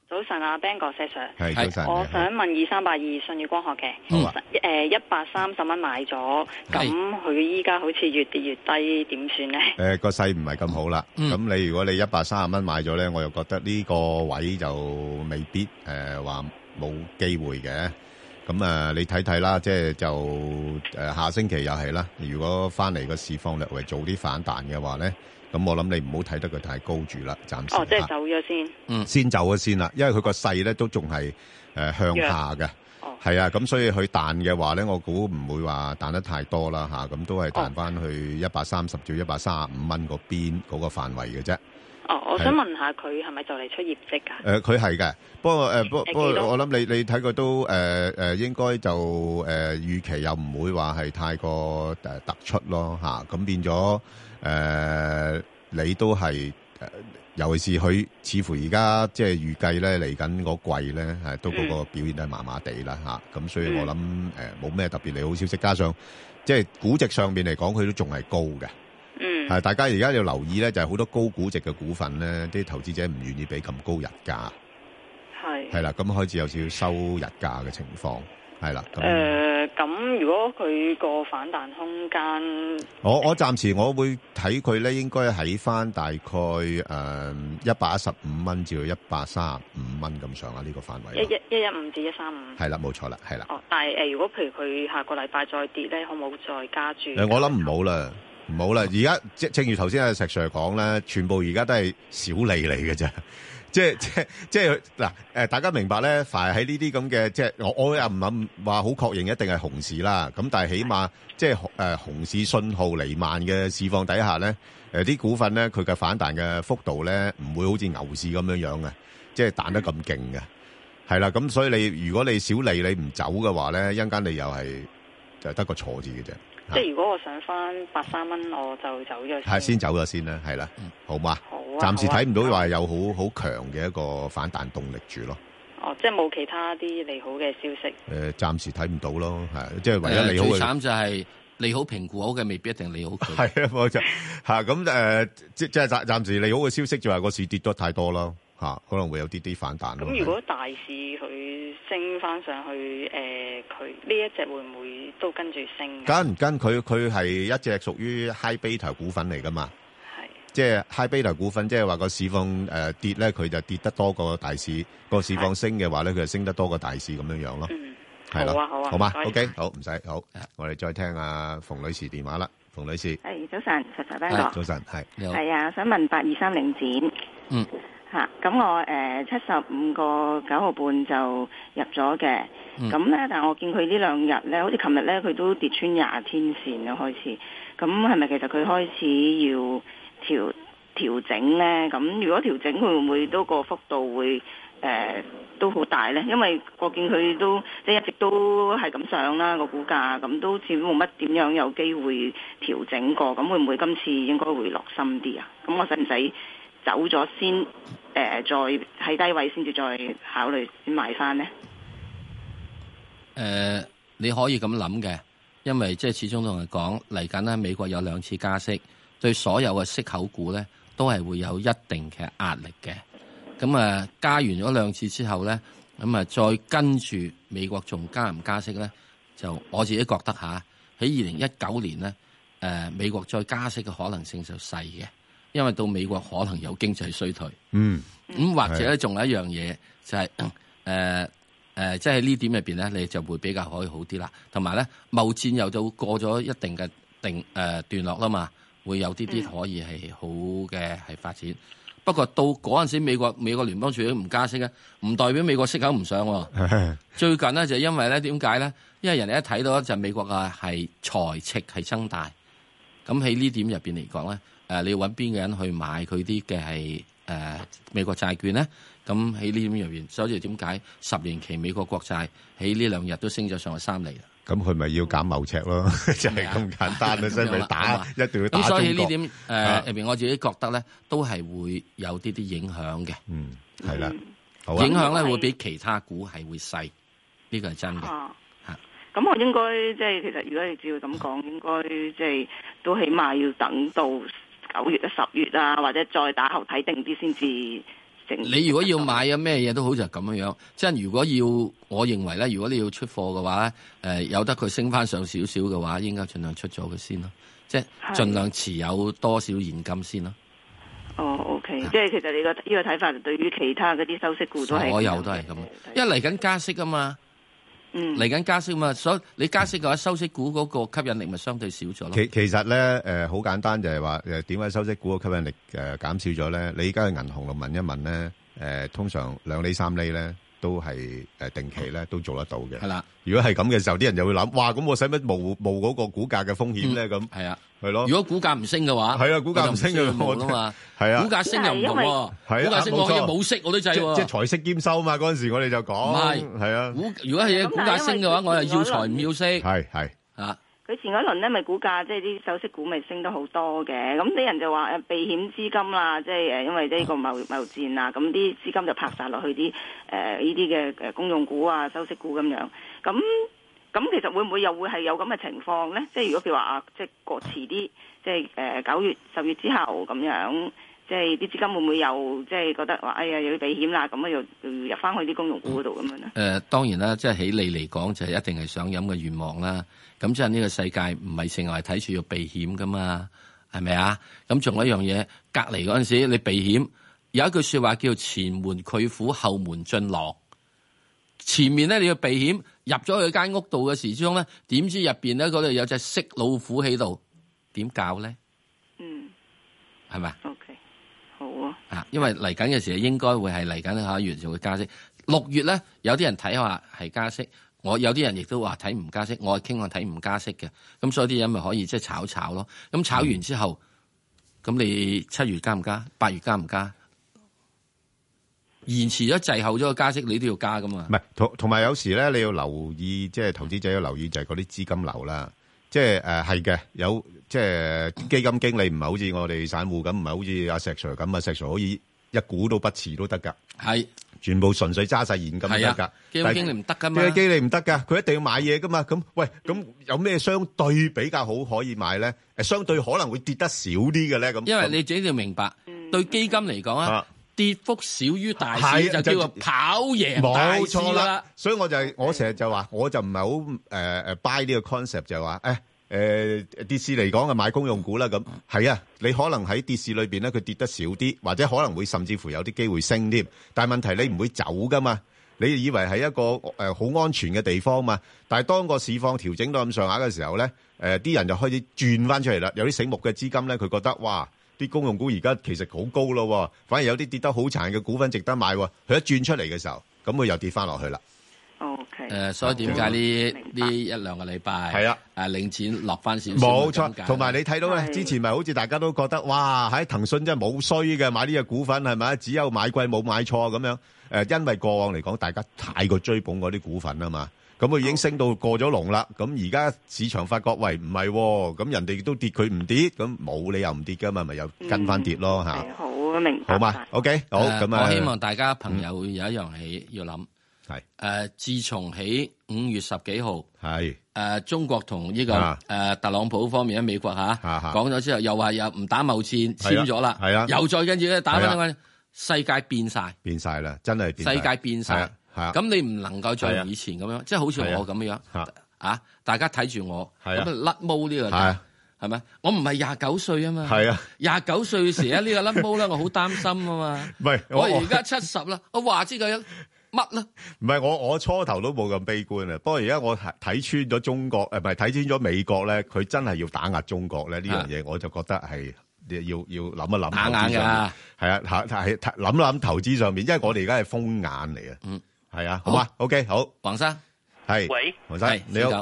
早晨啊，Ben 哥 Sir，係早晨。我想問二三八二舜宇光學嘅，誒、啊，一百三十蚊買咗，咁佢依家好似越跌越低，點算咧？誒、呃，個勢唔係咁好啦，咁、嗯、你如果你一百三十蚊買咗咧，我又覺得呢個位就未必誒話冇機會嘅，咁啊、呃，你睇睇啦，即係就誒、呃、下星期又係啦，如果翻嚟個市況略為做啲反彈嘅話咧。咁我諗你唔好睇得佢太高住啦，暫時。哦，即係走咗先。嗯，先走咗先啦，因為佢個勢咧都仲係誒向下嘅。係係、哦、啊，咁所以佢彈嘅話咧，我估唔會話彈得太多啦，吓、啊，咁都係彈翻去一百三十至一百三十五蚊嗰邊嗰個範圍嘅啫。哦哦哦，我想問下佢係咪就嚟出業績㗎？佢係嘅。不過誒、呃，不過、呃、不過我諗你你睇佢都誒、呃、應該就誒、呃、預期又唔會話係太過誒突出咯，咁、啊、變咗誒、呃，你都係、呃、尤其是佢似乎而家即係預計咧嚟緊嗰季咧係都嗰個表現都係麻麻地啦，咁所以我諗誒冇咩特別利好消息，加上即係估值上面嚟講，佢都仲係高嘅。係大家而家要留意咧，就係好多高估值嘅股份咧，啲投資者唔願意俾咁高日價，係係啦，咁開始有少少收日價嘅情況，係啦。誒，咁、呃、如果佢個反彈空間，我我暫時我會睇佢咧，應該喺翻大概誒、呃、一百一十五蚊至到一百三十五蚊咁上下呢個範圍一一一一五至一三五，係啦，冇錯啦，係啦、哦。但係誒、呃，如果譬如佢下個禮拜再跌咧，可唔可以再加注？誒，我諗唔好啦。唔好啦，而家即係正如頭先阿石 Sir 講啦，全部而家都係小利嚟嘅啫，即係即係即係嗱，誒大家明白咧，凡係喺呢啲咁嘅即係，我我又唔肯話好確認一定係熊市啦。咁但係起碼即係誒熊市信號彌漫嘅市況底下咧，誒啲股份咧佢嘅反彈嘅幅度咧唔會好似牛市咁樣樣嘅，即係彈得咁勁嘅。係啦，咁所以你如果你小利你唔走嘅話咧，一陣間你又係就係、是、得個坐字嘅啫。即係如果我想翻八三蚊，我就走咗先，先。係先走咗先啦，係、嗯、啦，好嘛？好啊。暫時睇唔到話有好好強嘅一個反彈動力住咯。哦，即係冇其他啲利好嘅消息。誒、呃，暫時睇唔到咯，係即係唯一利好嘅、呃。最慘就係利好評估好嘅未必一定利好佢。係啊，冇錯。吓咁誒，即係即係暫暫時利好嘅消息就話個市跌咗太多咯。吓、啊，可能會有啲啲反彈咯。咁如果大市佢升翻上去，誒、呃，佢呢一隻會唔會？都跟住升。間唔間佢，佢係一隻屬於 high beta 股份嚟噶嘛？係。即係 high beta 股份，即係話個市況誒跌咧，佢就跌得多過大市；個市況升嘅話咧，佢就升得多過大市咁樣樣咯。嗯，好啊好啊。好嘛、啊，OK，好唔使好，yeah. 我哋再聽阿馮女士電話啦。馮女士，係、hey, 早晨，陳生、hey, 早晨，係。你係啊，想問八二三零展。嗯。咁、嗯、我誒、呃、七十五個九號半就入咗嘅，咁咧，但我見佢呢兩日咧，好似琴日咧佢都跌穿廿天線啦開始，咁係咪其實佢開始要調調整咧？咁如果調整，佢會唔會都個幅度會誒、呃、都好大咧？因為我見佢都即係、就是、一直都係咁上啦個股價，咁都似乎冇乜點樣有機會調整過，咁會唔會今次應該會落深啲啊？咁我使唔使？走咗先，誒、呃、再喺低位先至再考慮先買翻呢？誒、呃，你可以咁諗嘅，因為即係始終同佢講嚟緊咧，美國有兩次加息，對所有嘅息口股咧都係會有一定嘅壓力嘅。咁啊，加完咗兩次之後咧，咁啊再跟住美國仲加唔加息咧？就我自己覺得下，喺二零一九年咧，誒、呃、美國再加息嘅可能性就細嘅。因為到美國可能有經濟衰退，嗯，咁、嗯嗯、或者咧仲有一樣嘢就係誒誒，即係呢點入邊咧，你就會比較可以好啲啦。同埋咧，貿戰又就過咗一定嘅定誒、呃、段落啦嘛，會有啲啲可以係好嘅係發展、嗯。不過到嗰陣時，美國美國聯邦儲理唔加息嘅，唔代表美國息口唔上喎。 最近呢，就係、因為咧點解咧？因為人哋一睇到就美國嘅係財赤係增大，咁喺呢點入邊嚟講咧。誒、啊，你要揾邊個人去買佢啲嘅係誒美國債券咧？咁喺呢點入邊，所以點解十年期美國國債喺呢兩日都升咗上嚟三厘？咁佢咪要減某尺咯？嗯、 就係咁簡單啦，真、啊、係打、啊、一定要打。咁所以呢點誒入邊我自己覺得咧，都係會有啲啲影響嘅。嗯，係啦、啊，影響咧會比其他股係會細，呢、這個係真嘅。吓、啊，咁、啊啊、我應該即係其實如果你照咁講、啊，應該即係都起碼要等到。九月啊、十月啊，或者再打後睇定啲先至整。你如果要買啊，咩嘢都好就咁樣樣。即係如果要，我認為咧，如果你要出貨嘅話，誒有得佢升翻上少少嘅話，應該儘量出咗佢先咯。即係儘量持有多少現金先咯。哦，OK，即係其實你個呢個睇法就對於其他嗰啲收息股都係。所有都係咁，一嚟緊加息啊嘛。嚟、嗯、緊加息嘛，所以你加息嘅話，收息股嗰個吸引力咪相對少咗咯。其其實咧，誒、呃、好簡單就係話，誒點解收息股嘅吸引力誒、呃、減少咗咧？你而家去銀行度問一問咧，誒、呃、通常兩厘三厘咧。都係誒定期咧，都做得到嘅。係啦，如果係咁嘅時候，啲人就會諗，哇，咁我使乜冒冒嗰個股價嘅風險咧？咁係啊，係咯。如果股價唔升嘅話，係啊，股價唔升嘅唔好啊嘛。係啊，股價升又唔同。股價升我嘢冇息我都制，即係財息兼收嘛。嗰陣時我哋就講，唔係係啊。股如果係股價升嘅話，我係要財唔要息。係係啊。佢前嗰輪咧，咪股價即係啲收息股咪升得好多嘅，咁啲人就話避險資金啦、啊，即係誒，因為呢個貿易貿易戰啊，咁啲資金就拍晒落去啲誒呢啲嘅誒公用股啊、收息股咁樣，咁咁其實會唔會又會係有咁嘅情況咧？即係如果譬如話啊，即係過遲啲，即係誒九月、十月之後咁樣。即係啲資金會唔會又即係覺得話哎呀又要避險啦，咁啊又，又入翻去啲公用股嗰度咁樣咧？誒、嗯呃，當然啦，即係喺你嚟講就係、是、一定係想飲嘅願望啦。咁即係呢個世界唔係成日睇住要避險噶嘛，係咪啊？咁仲有一樣嘢，隔離嗰陣時你避險有一句說話叫前門拒虎後門進狼。前面咧你要避險入咗去間屋度嘅時之中咧，點知入邊咧嗰度有隻色老虎喺度，點搞咧？嗯，係咪？Okay. 啊，因為嚟緊嘅時候應該會係嚟緊呢個月就會加息。六月咧，有啲人睇話係加息，我有啲人亦都話睇唔加息，我係傾向睇唔加息嘅。咁所以啲人咪可以即係、就是、炒炒咯。咁炒完之後，咁你七月加唔加？八月加唔加？延遲咗、滯後咗嘅加息，你都要加噶嘛？唔係同同埋有時咧，你要留意，即係投資者要留意就係嗰啲資金流啦。即係誒，係、呃、嘅有。即係基金經理唔係好似我哋散戶咁，唔係好似阿石 Sir 咁啊！石 Sir 可以一股都不持都得噶，係全部純粹揸晒現金得噶。基金經理唔得噶嘛？基金經理唔得噶，佢一定要買嘢噶嘛？咁喂，咁有咩相對比較好可以買咧？誒，相對可能會跌得少啲嘅咧？咁因為你自己要明白，對基金嚟講啊，跌幅少於大市就叫做跑贏大市冇錯啦。所以我就我成日就話，我就唔係好誒誒 buy 呢個 concept，就係話誒。誒、呃，跌市嚟講嘅買公用股啦，咁係啊，你可能喺跌市裏邊咧，佢跌得少啲，或者可能會甚至乎有啲機會升添。但係問題你唔會走噶嘛，你以為係一個誒好、呃、安全嘅地方嘛？但係當個市況調整到咁上下嘅時候咧，誒、呃，啲人就開始轉翻出嚟啦。有啲醒目嘅資金咧，佢覺得哇，啲公用股而家其實好高咯，反而有啲跌得好殘嘅股份值得買。佢一轉出嚟嘅時候，咁佢又跌翻落去啦。誒，所以點解呢？呢一兩個禮拜係啊，誒，領錢落翻少少，冇錯。同埋你睇到咧，之前咪好似大家都覺得，哇，喺騰訊真係冇衰嘅，買呢隻股份係咪啊？只有買貴冇買錯咁樣。誒，因為過往嚟講，大家太過追捧嗰啲股份啊嘛，咁佢已經升到過咗籠啦。咁而家市場發覺，喂，唔係喎，咁人哋都跌，佢唔跌，咁冇理由唔跌噶嘛，咪又跟翻跌咯吓。好，明白。好嘛，OK，好。咁我希望大家朋友有一樣嘢要諗。係誒、呃，自從喺五月十幾號係誒，中國同呢、這個誒、啊呃、特朗普方面咧，美國吓講咗之後，又話又唔打貿易戰，簽咗啦，係、啊、又再跟住咧打翻、啊、世界變晒，變晒啦，真係世界變晒，係啊，咁、啊、你唔能夠再以前咁樣，係啊、即係好似我咁樣吓、啊啊，大家睇住我咁啊甩毛呢個、就是，係咪、啊？我唔係廿九歲啊嘛，係啊，廿九歲時啊呢、 這個甩毛咧，我好擔心啊嘛，喂， 我而家七十啦，我話知佢。 乜咧？唔係我我初頭都冇咁悲觀啊。不過而家我係睇穿咗中國，誒唔係睇穿咗美國咧，佢真係要打壓中國咧呢樣嘢，我就覺得係要要諗一諗。打壓嘅係啊，係諗一諗投資上面，因為我哋而家係風眼嚟啊。嗯，係啊，好嘛，OK，好，黃生係，喂，黃生你好。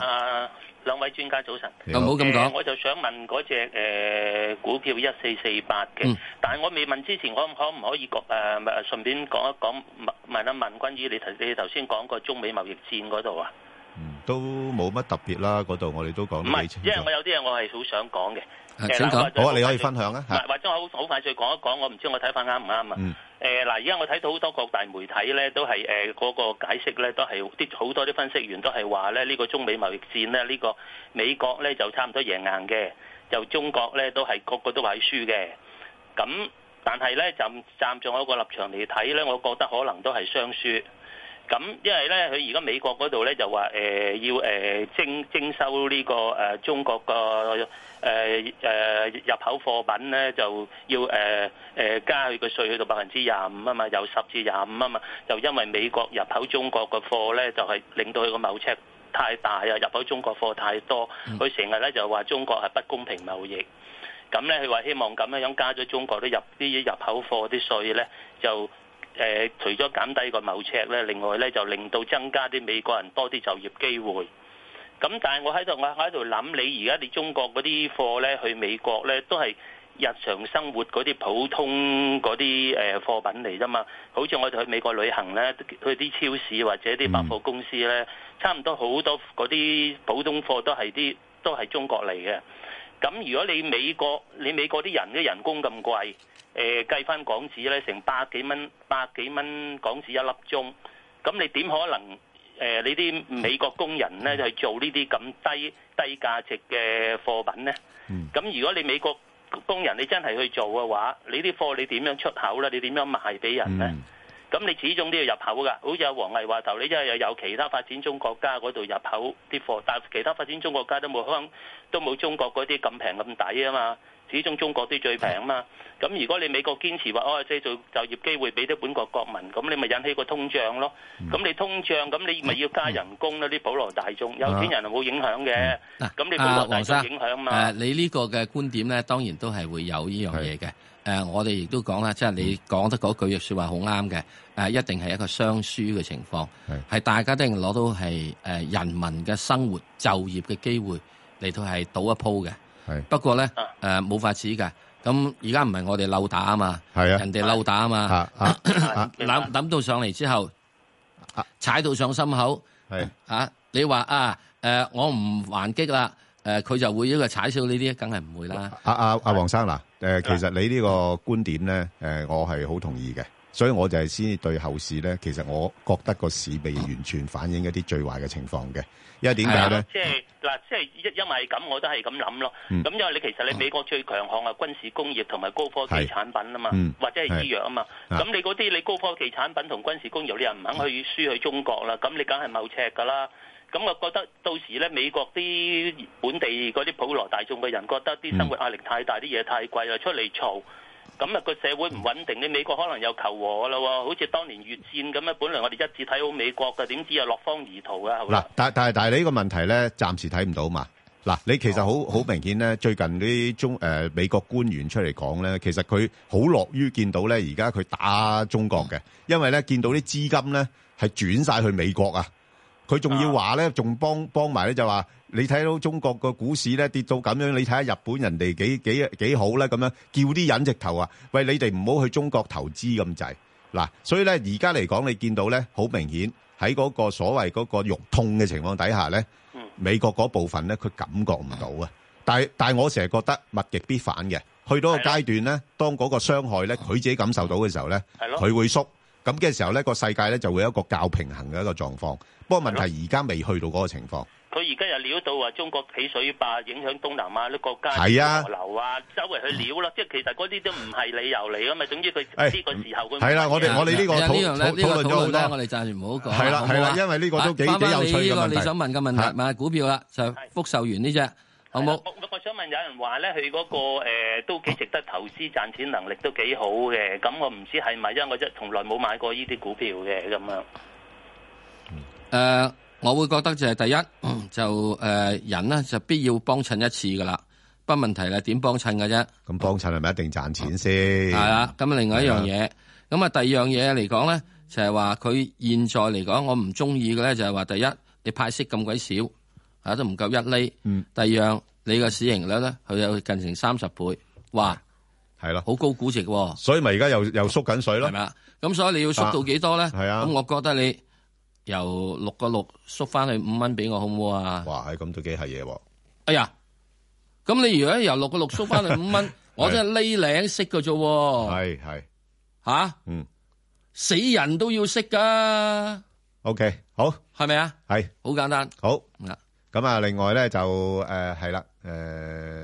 兩位專家早晨，唔好咁講、呃，我就想問嗰隻、呃、股票一四四八嘅，但我未問之前，可可唔可以、呃、順便講一講問,問一問關於你頭你頭先講過中美貿易戰嗰度啊？嗯、都冇乜特別啦，嗰度我哋都講唔係，因為、就是、我有啲嘢我係、呃、好想講嘅。請講，你可以分享咧、啊、或者我好好快再講一講，我唔知我睇法啱唔啱啊？嗯誒、呃、嗱，而家我睇到好多各大媒體咧，都係誒嗰個解釋咧，都係啲好多啲分析員都係話咧，呢個中美貿易戰咧，呢個美國咧就差唔多贏硬嘅，就中國咧都係個個都話係輸嘅。咁但係咧，就站住我一個立場嚟睇咧，我覺得可能都係雙輸。咁，因為咧，佢而家美國嗰度咧就話誒要誒徵徵收呢個誒中國個誒誒入口貨品咧，就要誒誒加佢個稅去到百分之廿五啊嘛，由十至廿五啊嘛，就因為美國入口中國個貨咧就係令到佢個貿赤太大啊，入口中國貨太多，佢成日咧就話中國係不公平貿易，咁咧佢話希望咁樣樣加咗中國啲入啲入口貨啲稅咧就。誒、呃，除咗減低個貿赤咧，另外咧就令到增加啲美國人多啲就業機會。咁但係我喺度，我喺度諗，你而家你中國嗰啲貨咧去美國咧，都係日常生活嗰啲普通嗰啲誒貨品嚟啫嘛。好似我哋去美國旅行咧，去啲超市或者啲百貨公司咧，差唔多好多嗰啲普通貨都係啲都係中國嚟嘅。咁如果你美國你美國啲人嘅人工咁貴，誒計翻港紙咧，成百幾蚊，百幾蚊港紙一粒鐘。咁你點可能誒你啲美國工人咧就去做呢啲咁低低價值嘅貨品咧？咁如果你美國工人你真係去做嘅話，你啲貨你點樣出口咧？你點樣賣俾人咧？咁你始終都要入口㗎。好似阿黃毅話頭，你即係又有其他發展中國家嗰度入口啲貨，但其他發展中國家都冇香，都冇中國嗰啲咁平咁抵啊嘛。始終中國啲最平啊嘛，咁如果你美國堅持話，哦即係做就業機會俾啲本國國民，咁你咪引起個通脹咯。咁你通脹，咁你咪要加人工咯啲普羅大眾。有錢人係冇影響嘅。嗱，咁你普羅大眾影響嘛？你呢個嘅觀點咧，當然都係會有呢樣嘢嘅。誒，我哋亦都講啦，即係你講得嗰句説話好啱嘅。誒，一定係一個雙輸嘅情況，係大家都要攞到係誒人民嘅生活就業嘅機會嚟到係賭一鋪嘅。係、啊，不過咧，誒、呃，冇法子嘅，咁而家唔係我哋漏打啊嘛，係啊，人哋漏打啊嘛，諗、啊、諗、啊啊啊、到上嚟之後、啊，踩到上心口，係啊，啊，你話啊，誒、呃，我唔還擊啦，誒、呃，佢就會一個踩少呢啲，梗係唔會啦。啊阿阿黃生嗱，誒、啊呃，其實你呢個觀點咧，誒、呃，我係好同意嘅。所以我就係先對後市咧，其實我覺得個市未完全反映一啲最壞嘅情況嘅，因為點解咧？即係嗱，即係因因為咁，我都係咁諗咯。咁、嗯、因為你其實你美國最強項係軍事工業同埋高科技產品啊嘛，或者係醫藥啊嘛。咁、嗯、你嗰啲你高科技產品同軍事工業，你又唔肯去輸去中國啦。咁你梗係貿赤噶啦。咁我覺得到時咧，美國啲本地嗰啲普羅大眾嘅人覺得啲生活壓力太大，啲嘢太貴啦，出嚟嘈。咁啊，個社會唔穩定，你美國可能又求和喇喎，好似當年越戰咁，本來我哋一致睇好美國嘅，點知又落荒而逃啊？嗱，但但係你呢個問題咧，暫時睇唔到嘛。嗱、啊，你其實好好、嗯、明顯咧，最近啲中誒、呃、美國官員出嚟講咧，其實佢好樂於見到咧，而家佢打中國嘅，因為咧見到啲資金咧係轉晒去美國啊，佢仲要話咧，仲幫幫埋咧就話。你睇到中國個股市咧跌到咁樣，你睇下日本人哋幾幾幾好咧咁樣，叫啲人直頭啊，喂，你哋唔好去中國投資咁滯嗱。所以咧，而家嚟講，你見到咧好明顯喺嗰個所謂嗰個肉痛嘅情況底下咧，美國嗰部分咧佢感覺唔到啊。但係但係，我成日覺得物極必反嘅，去到個階段咧，當嗰個傷害咧佢自己感受到嘅時候咧，佢會縮咁嘅時候咧，個世界咧就會有一個較平衡嘅一個狀況。不過問題而家未去到嗰個情況。佢而家又料到話中國起水壩影響東南亞啲國家係啊，河流啊，周圍去料啦，即係其實嗰啲都唔係理由嚟㗎嘛。總之佢呢個時候咁。係啦，我哋我哋呢個討討論咗啦，我哋暫時唔好講。係啦係啦，因為呢個都幾有趣嘅問題。翻返你呢個你想問嘅問題買股票啦，就福壽園呢隻，好冇？我我想問有人話咧，佢嗰個誒都幾值得投資，賺錢能力都幾好嘅。咁我唔知係咪，因為我一從來冇買過呢啲股票嘅咁樣。誒。我會覺得就係第一就誒、呃、人呢，就必要幫襯一次噶啦，不問題啦，點幫襯嘅啫。咁幫襯係咪一定賺錢先？係、嗯、啦。咁另外一樣嘢。咁啊，第二樣嘢嚟講咧，就係話佢現在嚟講，我唔中意嘅咧就係話，第一你派息咁鬼少，啊都唔夠一厘。嗯、第二樣，你個市盈率咧，佢有近成三十倍，哇，係啦，好高估值，啊。所以咪而家又又縮緊水咯。係咪啊？咁所以你要縮到幾多咧？係啊。咁我覺得你。由六個六縮翻去五蚊俾我，好唔好啊？哇，係咁都幾係嘢喎！哎呀，咁你如果由六個六縮翻去五蚊，我真係呢領識嘅啫。係係吓，嗯，死人都要識噶。OK，好，係咪啊？係，好簡單。好，咁啊，另外咧就誒係啦，誒。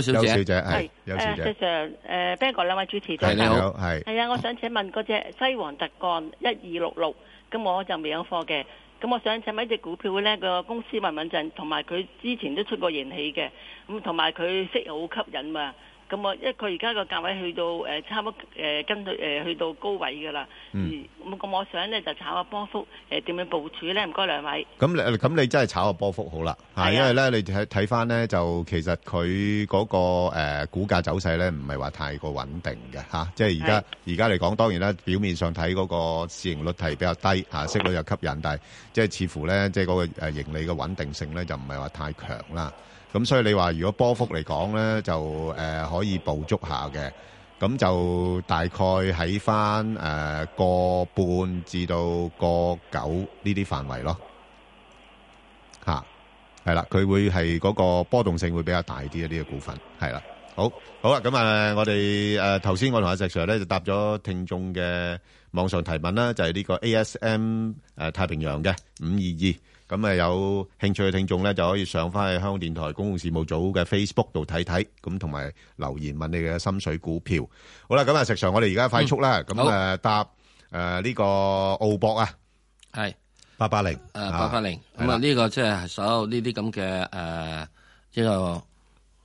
邱小姐，係，誒，正常，誒，邊個兩位主持仔？係你好，係，係啊，我想請問嗰隻西煌特鋼一二六六，咁我就未有貨嘅，咁我想請問隻股票咧，那個公司穩唔穩陣？同埋佢之前都出過燃氣嘅，咁同埋佢息好吸引嘛？咁因為佢而家個價位去到差唔多，呃、跟佢、呃、去到高位㗎啦。嗯。咁、嗯、我想咧就炒下波幅，點、呃、樣部署咧？唔該兩位。咁你咁你真係炒下波幅好啦、啊，因為咧你睇睇翻咧就其實佢嗰、嗰個、呃、股價走勢咧唔係話太過穩定嘅、啊、即係而家而家嚟講，當然啦，表面上睇嗰個市盈率係比較低嚇、啊，息率又吸引，但係即係似乎咧即係嗰個盈利嘅穩定性咧就唔係話太強啦。咁所以你話如果波幅嚟講咧，就誒可以捕捉下嘅，咁就大概喺翻誒個半至到個九呢啲範圍咯，嚇，係啦，佢會係嗰個波動性會比較大啲啊！呢個股份係啦，好，好啦，咁啊，我哋誒頭先我同阿石 Sir 咧就答咗聽眾嘅網上提問啦，就係呢個 ASM 誒太平洋嘅五二二。咁啊，有興趣嘅聽眾咧，就可以上翻去香港電台公共事務組嘅 Facebook 度睇睇，咁同埋留言問你嘅心水股票。好啦，咁啊，石 Sir，我哋而家快速啦，咁啊，答誒呢個澳博啊，係八八零，誒八八零，咁啊，呢個即係所有呢啲咁嘅誒，呢個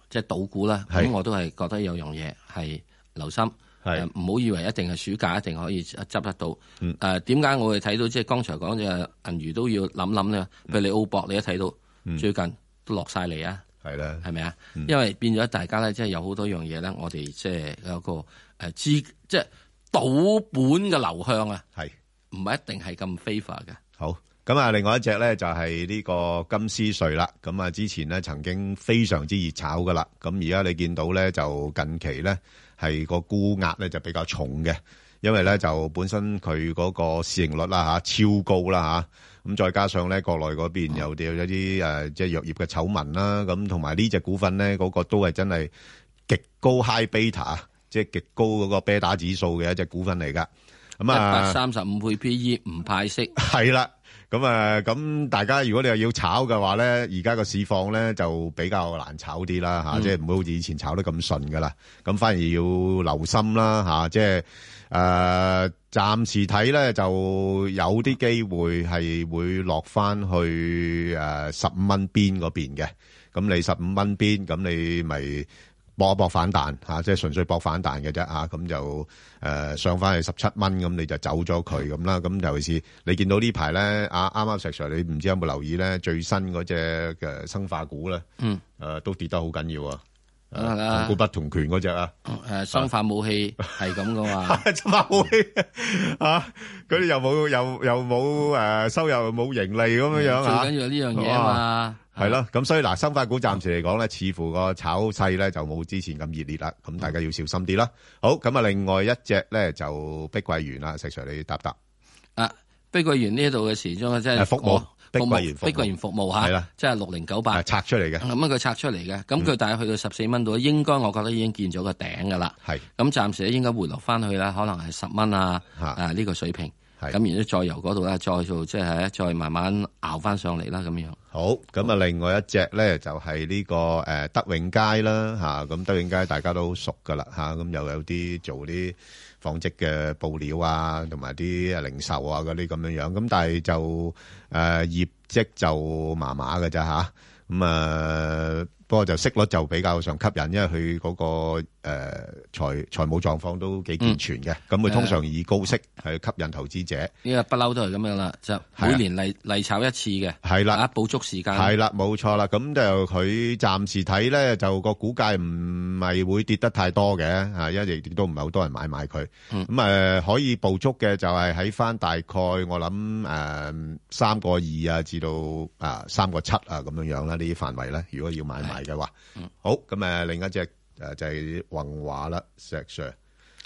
即係賭股啦，咁我都係覺得有樣嘢係留心。係唔好以為一定係暑假一定可以執得到。誒，點解我哋睇到即係剛才講嘅銀娛都要諗諗咧？譬、嗯、如你澳博你，你一睇到最近都落晒嚟啊！係啦，係咪啊？因為變咗大家咧，即係有好多樣嘢咧，我哋即係有個個誒資即係賭本嘅流向啊，係唔一定係咁非法嘅。好。咁啊，另外一隻咧就係呢個金斯瑞啦。咁啊，之前咧曾經非常之熱炒噶啦。咁而家你見到咧，就近期咧係個沽壓咧就比較重嘅，因為咧就本身佢嗰個市盈率啦嚇超高啦嚇。咁再加上咧國內嗰邊有啲有啲誒即係藥業嘅醜聞啦。咁同埋呢隻股份咧嗰個都係真係極高 high beta，即係極高嗰個啤打指數嘅一隻股份嚟噶。咁啊，一百三十五倍 PE 唔派息。係啦。咁誒，咁大家如果你又要炒嘅話咧，而家個市況咧就比較難炒啲啦嚇，即係唔會好似以前炒得咁順噶啦。咁反而要留心啦嚇，即係誒，暫時睇咧就有啲機會係會落翻去誒十五蚊邊嗰邊嘅。咁你十五蚊邊，咁你咪搏一搏反彈嚇、啊，即係純粹搏反彈嘅啫嚇，咁、啊、就誒、呃、上翻去十七蚊，咁你就走咗佢咁啦。咁尤其是你見到呢排咧，啊啱啱、啊、石 Sir，你唔知有冇留意咧最新嗰隻嘅生化股咧，嗯，誒、啊、都跌得好緊要啊！啊！同股不同權嗰隻啊，誒，生化武器係咁嘅話，生化武器啊，嗰啲又冇又又冇誒收入冇盈利咁樣樣啊！最緊要呢樣嘢啊嘛，係咯，咁所以嗱，生化股暫時嚟講咧，似乎個炒勢咧就冇之前咁熱烈啦，咁大家要小心啲啦。好，咁啊，另外一隻咧就碧桂園啦，石 Sir，你答唔答？啊，碧桂園呢度嘅時裝真係。碧桂園服務吓，係啦，即係六零九八拆出嚟嘅。咁、嗯、啊，佢拆出嚟嘅，咁佢大約去到十四蚊度，應該我覺得已經見咗個頂噶啦。係，咁暫時應該回落翻去啦，可能係十蚊啊，誒呢、啊這個水平。咁然後再由嗰度咧，再做即係再慢慢熬翻上嚟啦，咁樣。好，咁啊，另外一隻咧就係呢個誒德永佳啦，嚇咁德永佳大家都熟噶啦，嚇咁又有啲做啲紡織嘅布料啊，同埋啲啊零售啊嗰啲咁樣樣，咁但係就誒業績就麻麻㗎咋嚇，咁啊不過就息率就比較上吸引，因為佢嗰個。誒、呃，財財務狀況都幾健全嘅，咁、嗯、佢通常以高息去吸引投資者。呢、嗯呢個不嬲都係咁樣啦，就每年嚟、啊、炒一次嘅，係啦、啊，補足時間係啦，冇、啊、錯啦。咁就佢暫時睇咧，就個股價唔係會跌得太多嘅嚇，因為亦都唔係好多人買賣佢。咁、嗯、誒、嗯、可以捕捉嘅就係喺翻大概我諗誒三個二啊至到啊三個七啊咁樣樣啦，呢啲範圍咧，如果要買賣嘅話，嗯、好，咁另一隻。誒，就係、是、宏華啦，石 Sir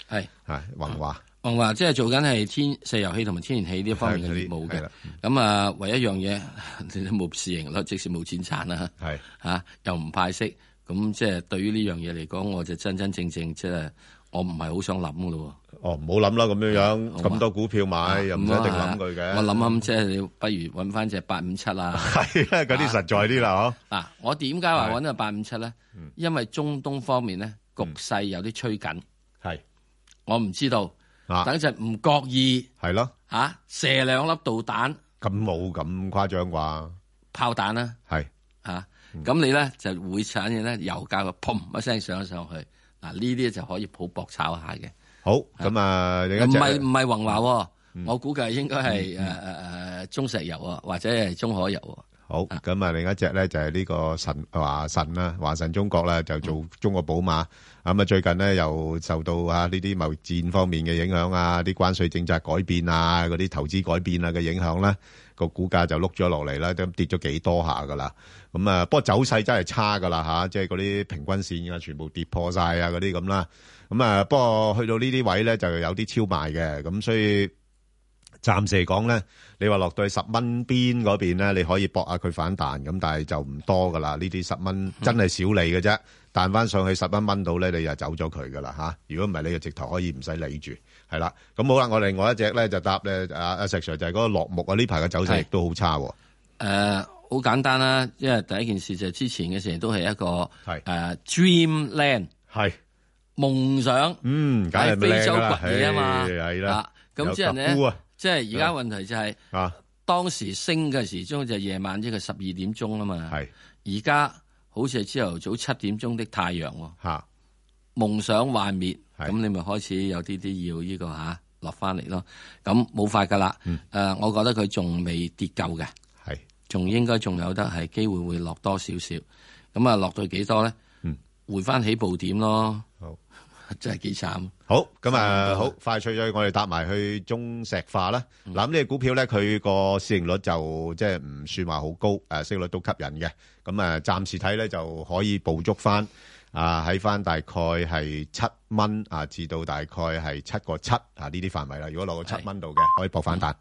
係吓宏華，宏華即係做緊係天石油氣同埋天然氣呢方面嘅業務嘅。咁啊，唯一樣嘢你都冇市盈率啦，即使冇錢賺啦，係吓又唔派息。咁即係對於呢樣嘢嚟講，我就真真正正即係我唔係好想諗噶咯。哦，唔好諗啦，咁樣樣，咁多股票買又唔使一定諗佢嘅。我諗諗，即、啊、係不如揾翻隻八五七啦。係啦、啊，嗰、啊、啲、啊、實在啲啦，嗬、啊。嗱、啊啊，我點解話揾到八五七咧？因為中東方面咧局勢有啲趨緊。係、嗯，我唔知道。啊，等陣唔覺意係咯。啊，射兩粒導彈。咁冇咁誇張啩？炮彈啦係。啊，咁、啊嗯、你咧就會產嘅咧，油價就砰一聲上咗上去。嗱、啊，呢啲就可以好搏炒下嘅。好，咁啊，另一隻唔係唔係宏華，我估計應該係誒誒誒中石油啊，或者係中海油啊。好，咁啊，另一隻咧就係呢個神華神啦，華晨中國啦，就做中國寶馬。咁啊，最近咧又受到啊呢啲貿易戰方面嘅影響啊，啲關稅政策改變啊，嗰啲投資改變啊嘅影響咧，個股價就碌咗落嚟啦，咁跌咗幾多下噶啦。咁啊，不過走勢真係差噶啦吓，即係嗰啲平均線啊，全部跌破晒啊，嗰啲咁啦。咁、嗯、啊，不過去到呢啲位咧，就有啲超賣嘅，咁所以暫時嚟講咧，你話落到去十蚊邊嗰邊咧，你可以搏下佢反彈，咁但係就唔多噶啦。呢啲十蚊真係少你嘅啫，彈翻上去十蚊蚊到咧，你就走咗佢噶啦吓，如果唔係你嘅直頭，可以唔使理住，係啦。咁好啦，我另外一隻咧就搭咧阿阿石 Sir，就係嗰個落木啊，呢排嘅走勢亦都好差喎。好、呃、簡單啦、啊，因為第一件事就係之前嘅事都係一個係、呃、Dreamland 夢想非洲崛起嘛，嗯，梗係唔靚啦，係啦，咁即係咧，即係而家問題就係、是，啊，當時升嘅時鐘就夜晚即係十二點鐘啦嘛，係，而家好似係朝頭早七點鐘的太陽喎，吓，夢想幻滅，咁你咪開始有啲啲要呢、這個吓落翻嚟咯。咁冇法噶啦，誒、嗯啊，我覺得佢仲未跌夠嘅，係，仲應該仲有得係機會會落多少少，咁啊落到幾多咧、嗯？回翻起步點咯。好。真係幾慘。好，咁啊、嗯，好快脆咗，我哋搭埋去中石化啦。嗱、嗯，呢個股票咧，佢個市盈率就即係唔算話好高，誒，息率都吸引嘅。咁、嗯、啊，暫時睇咧就可以捕捉翻啊，喺翻大概係七蚊啊，至到大概係七個七啊呢啲範圍啦。如果落個七蚊度嘅，可以博反彈。嗯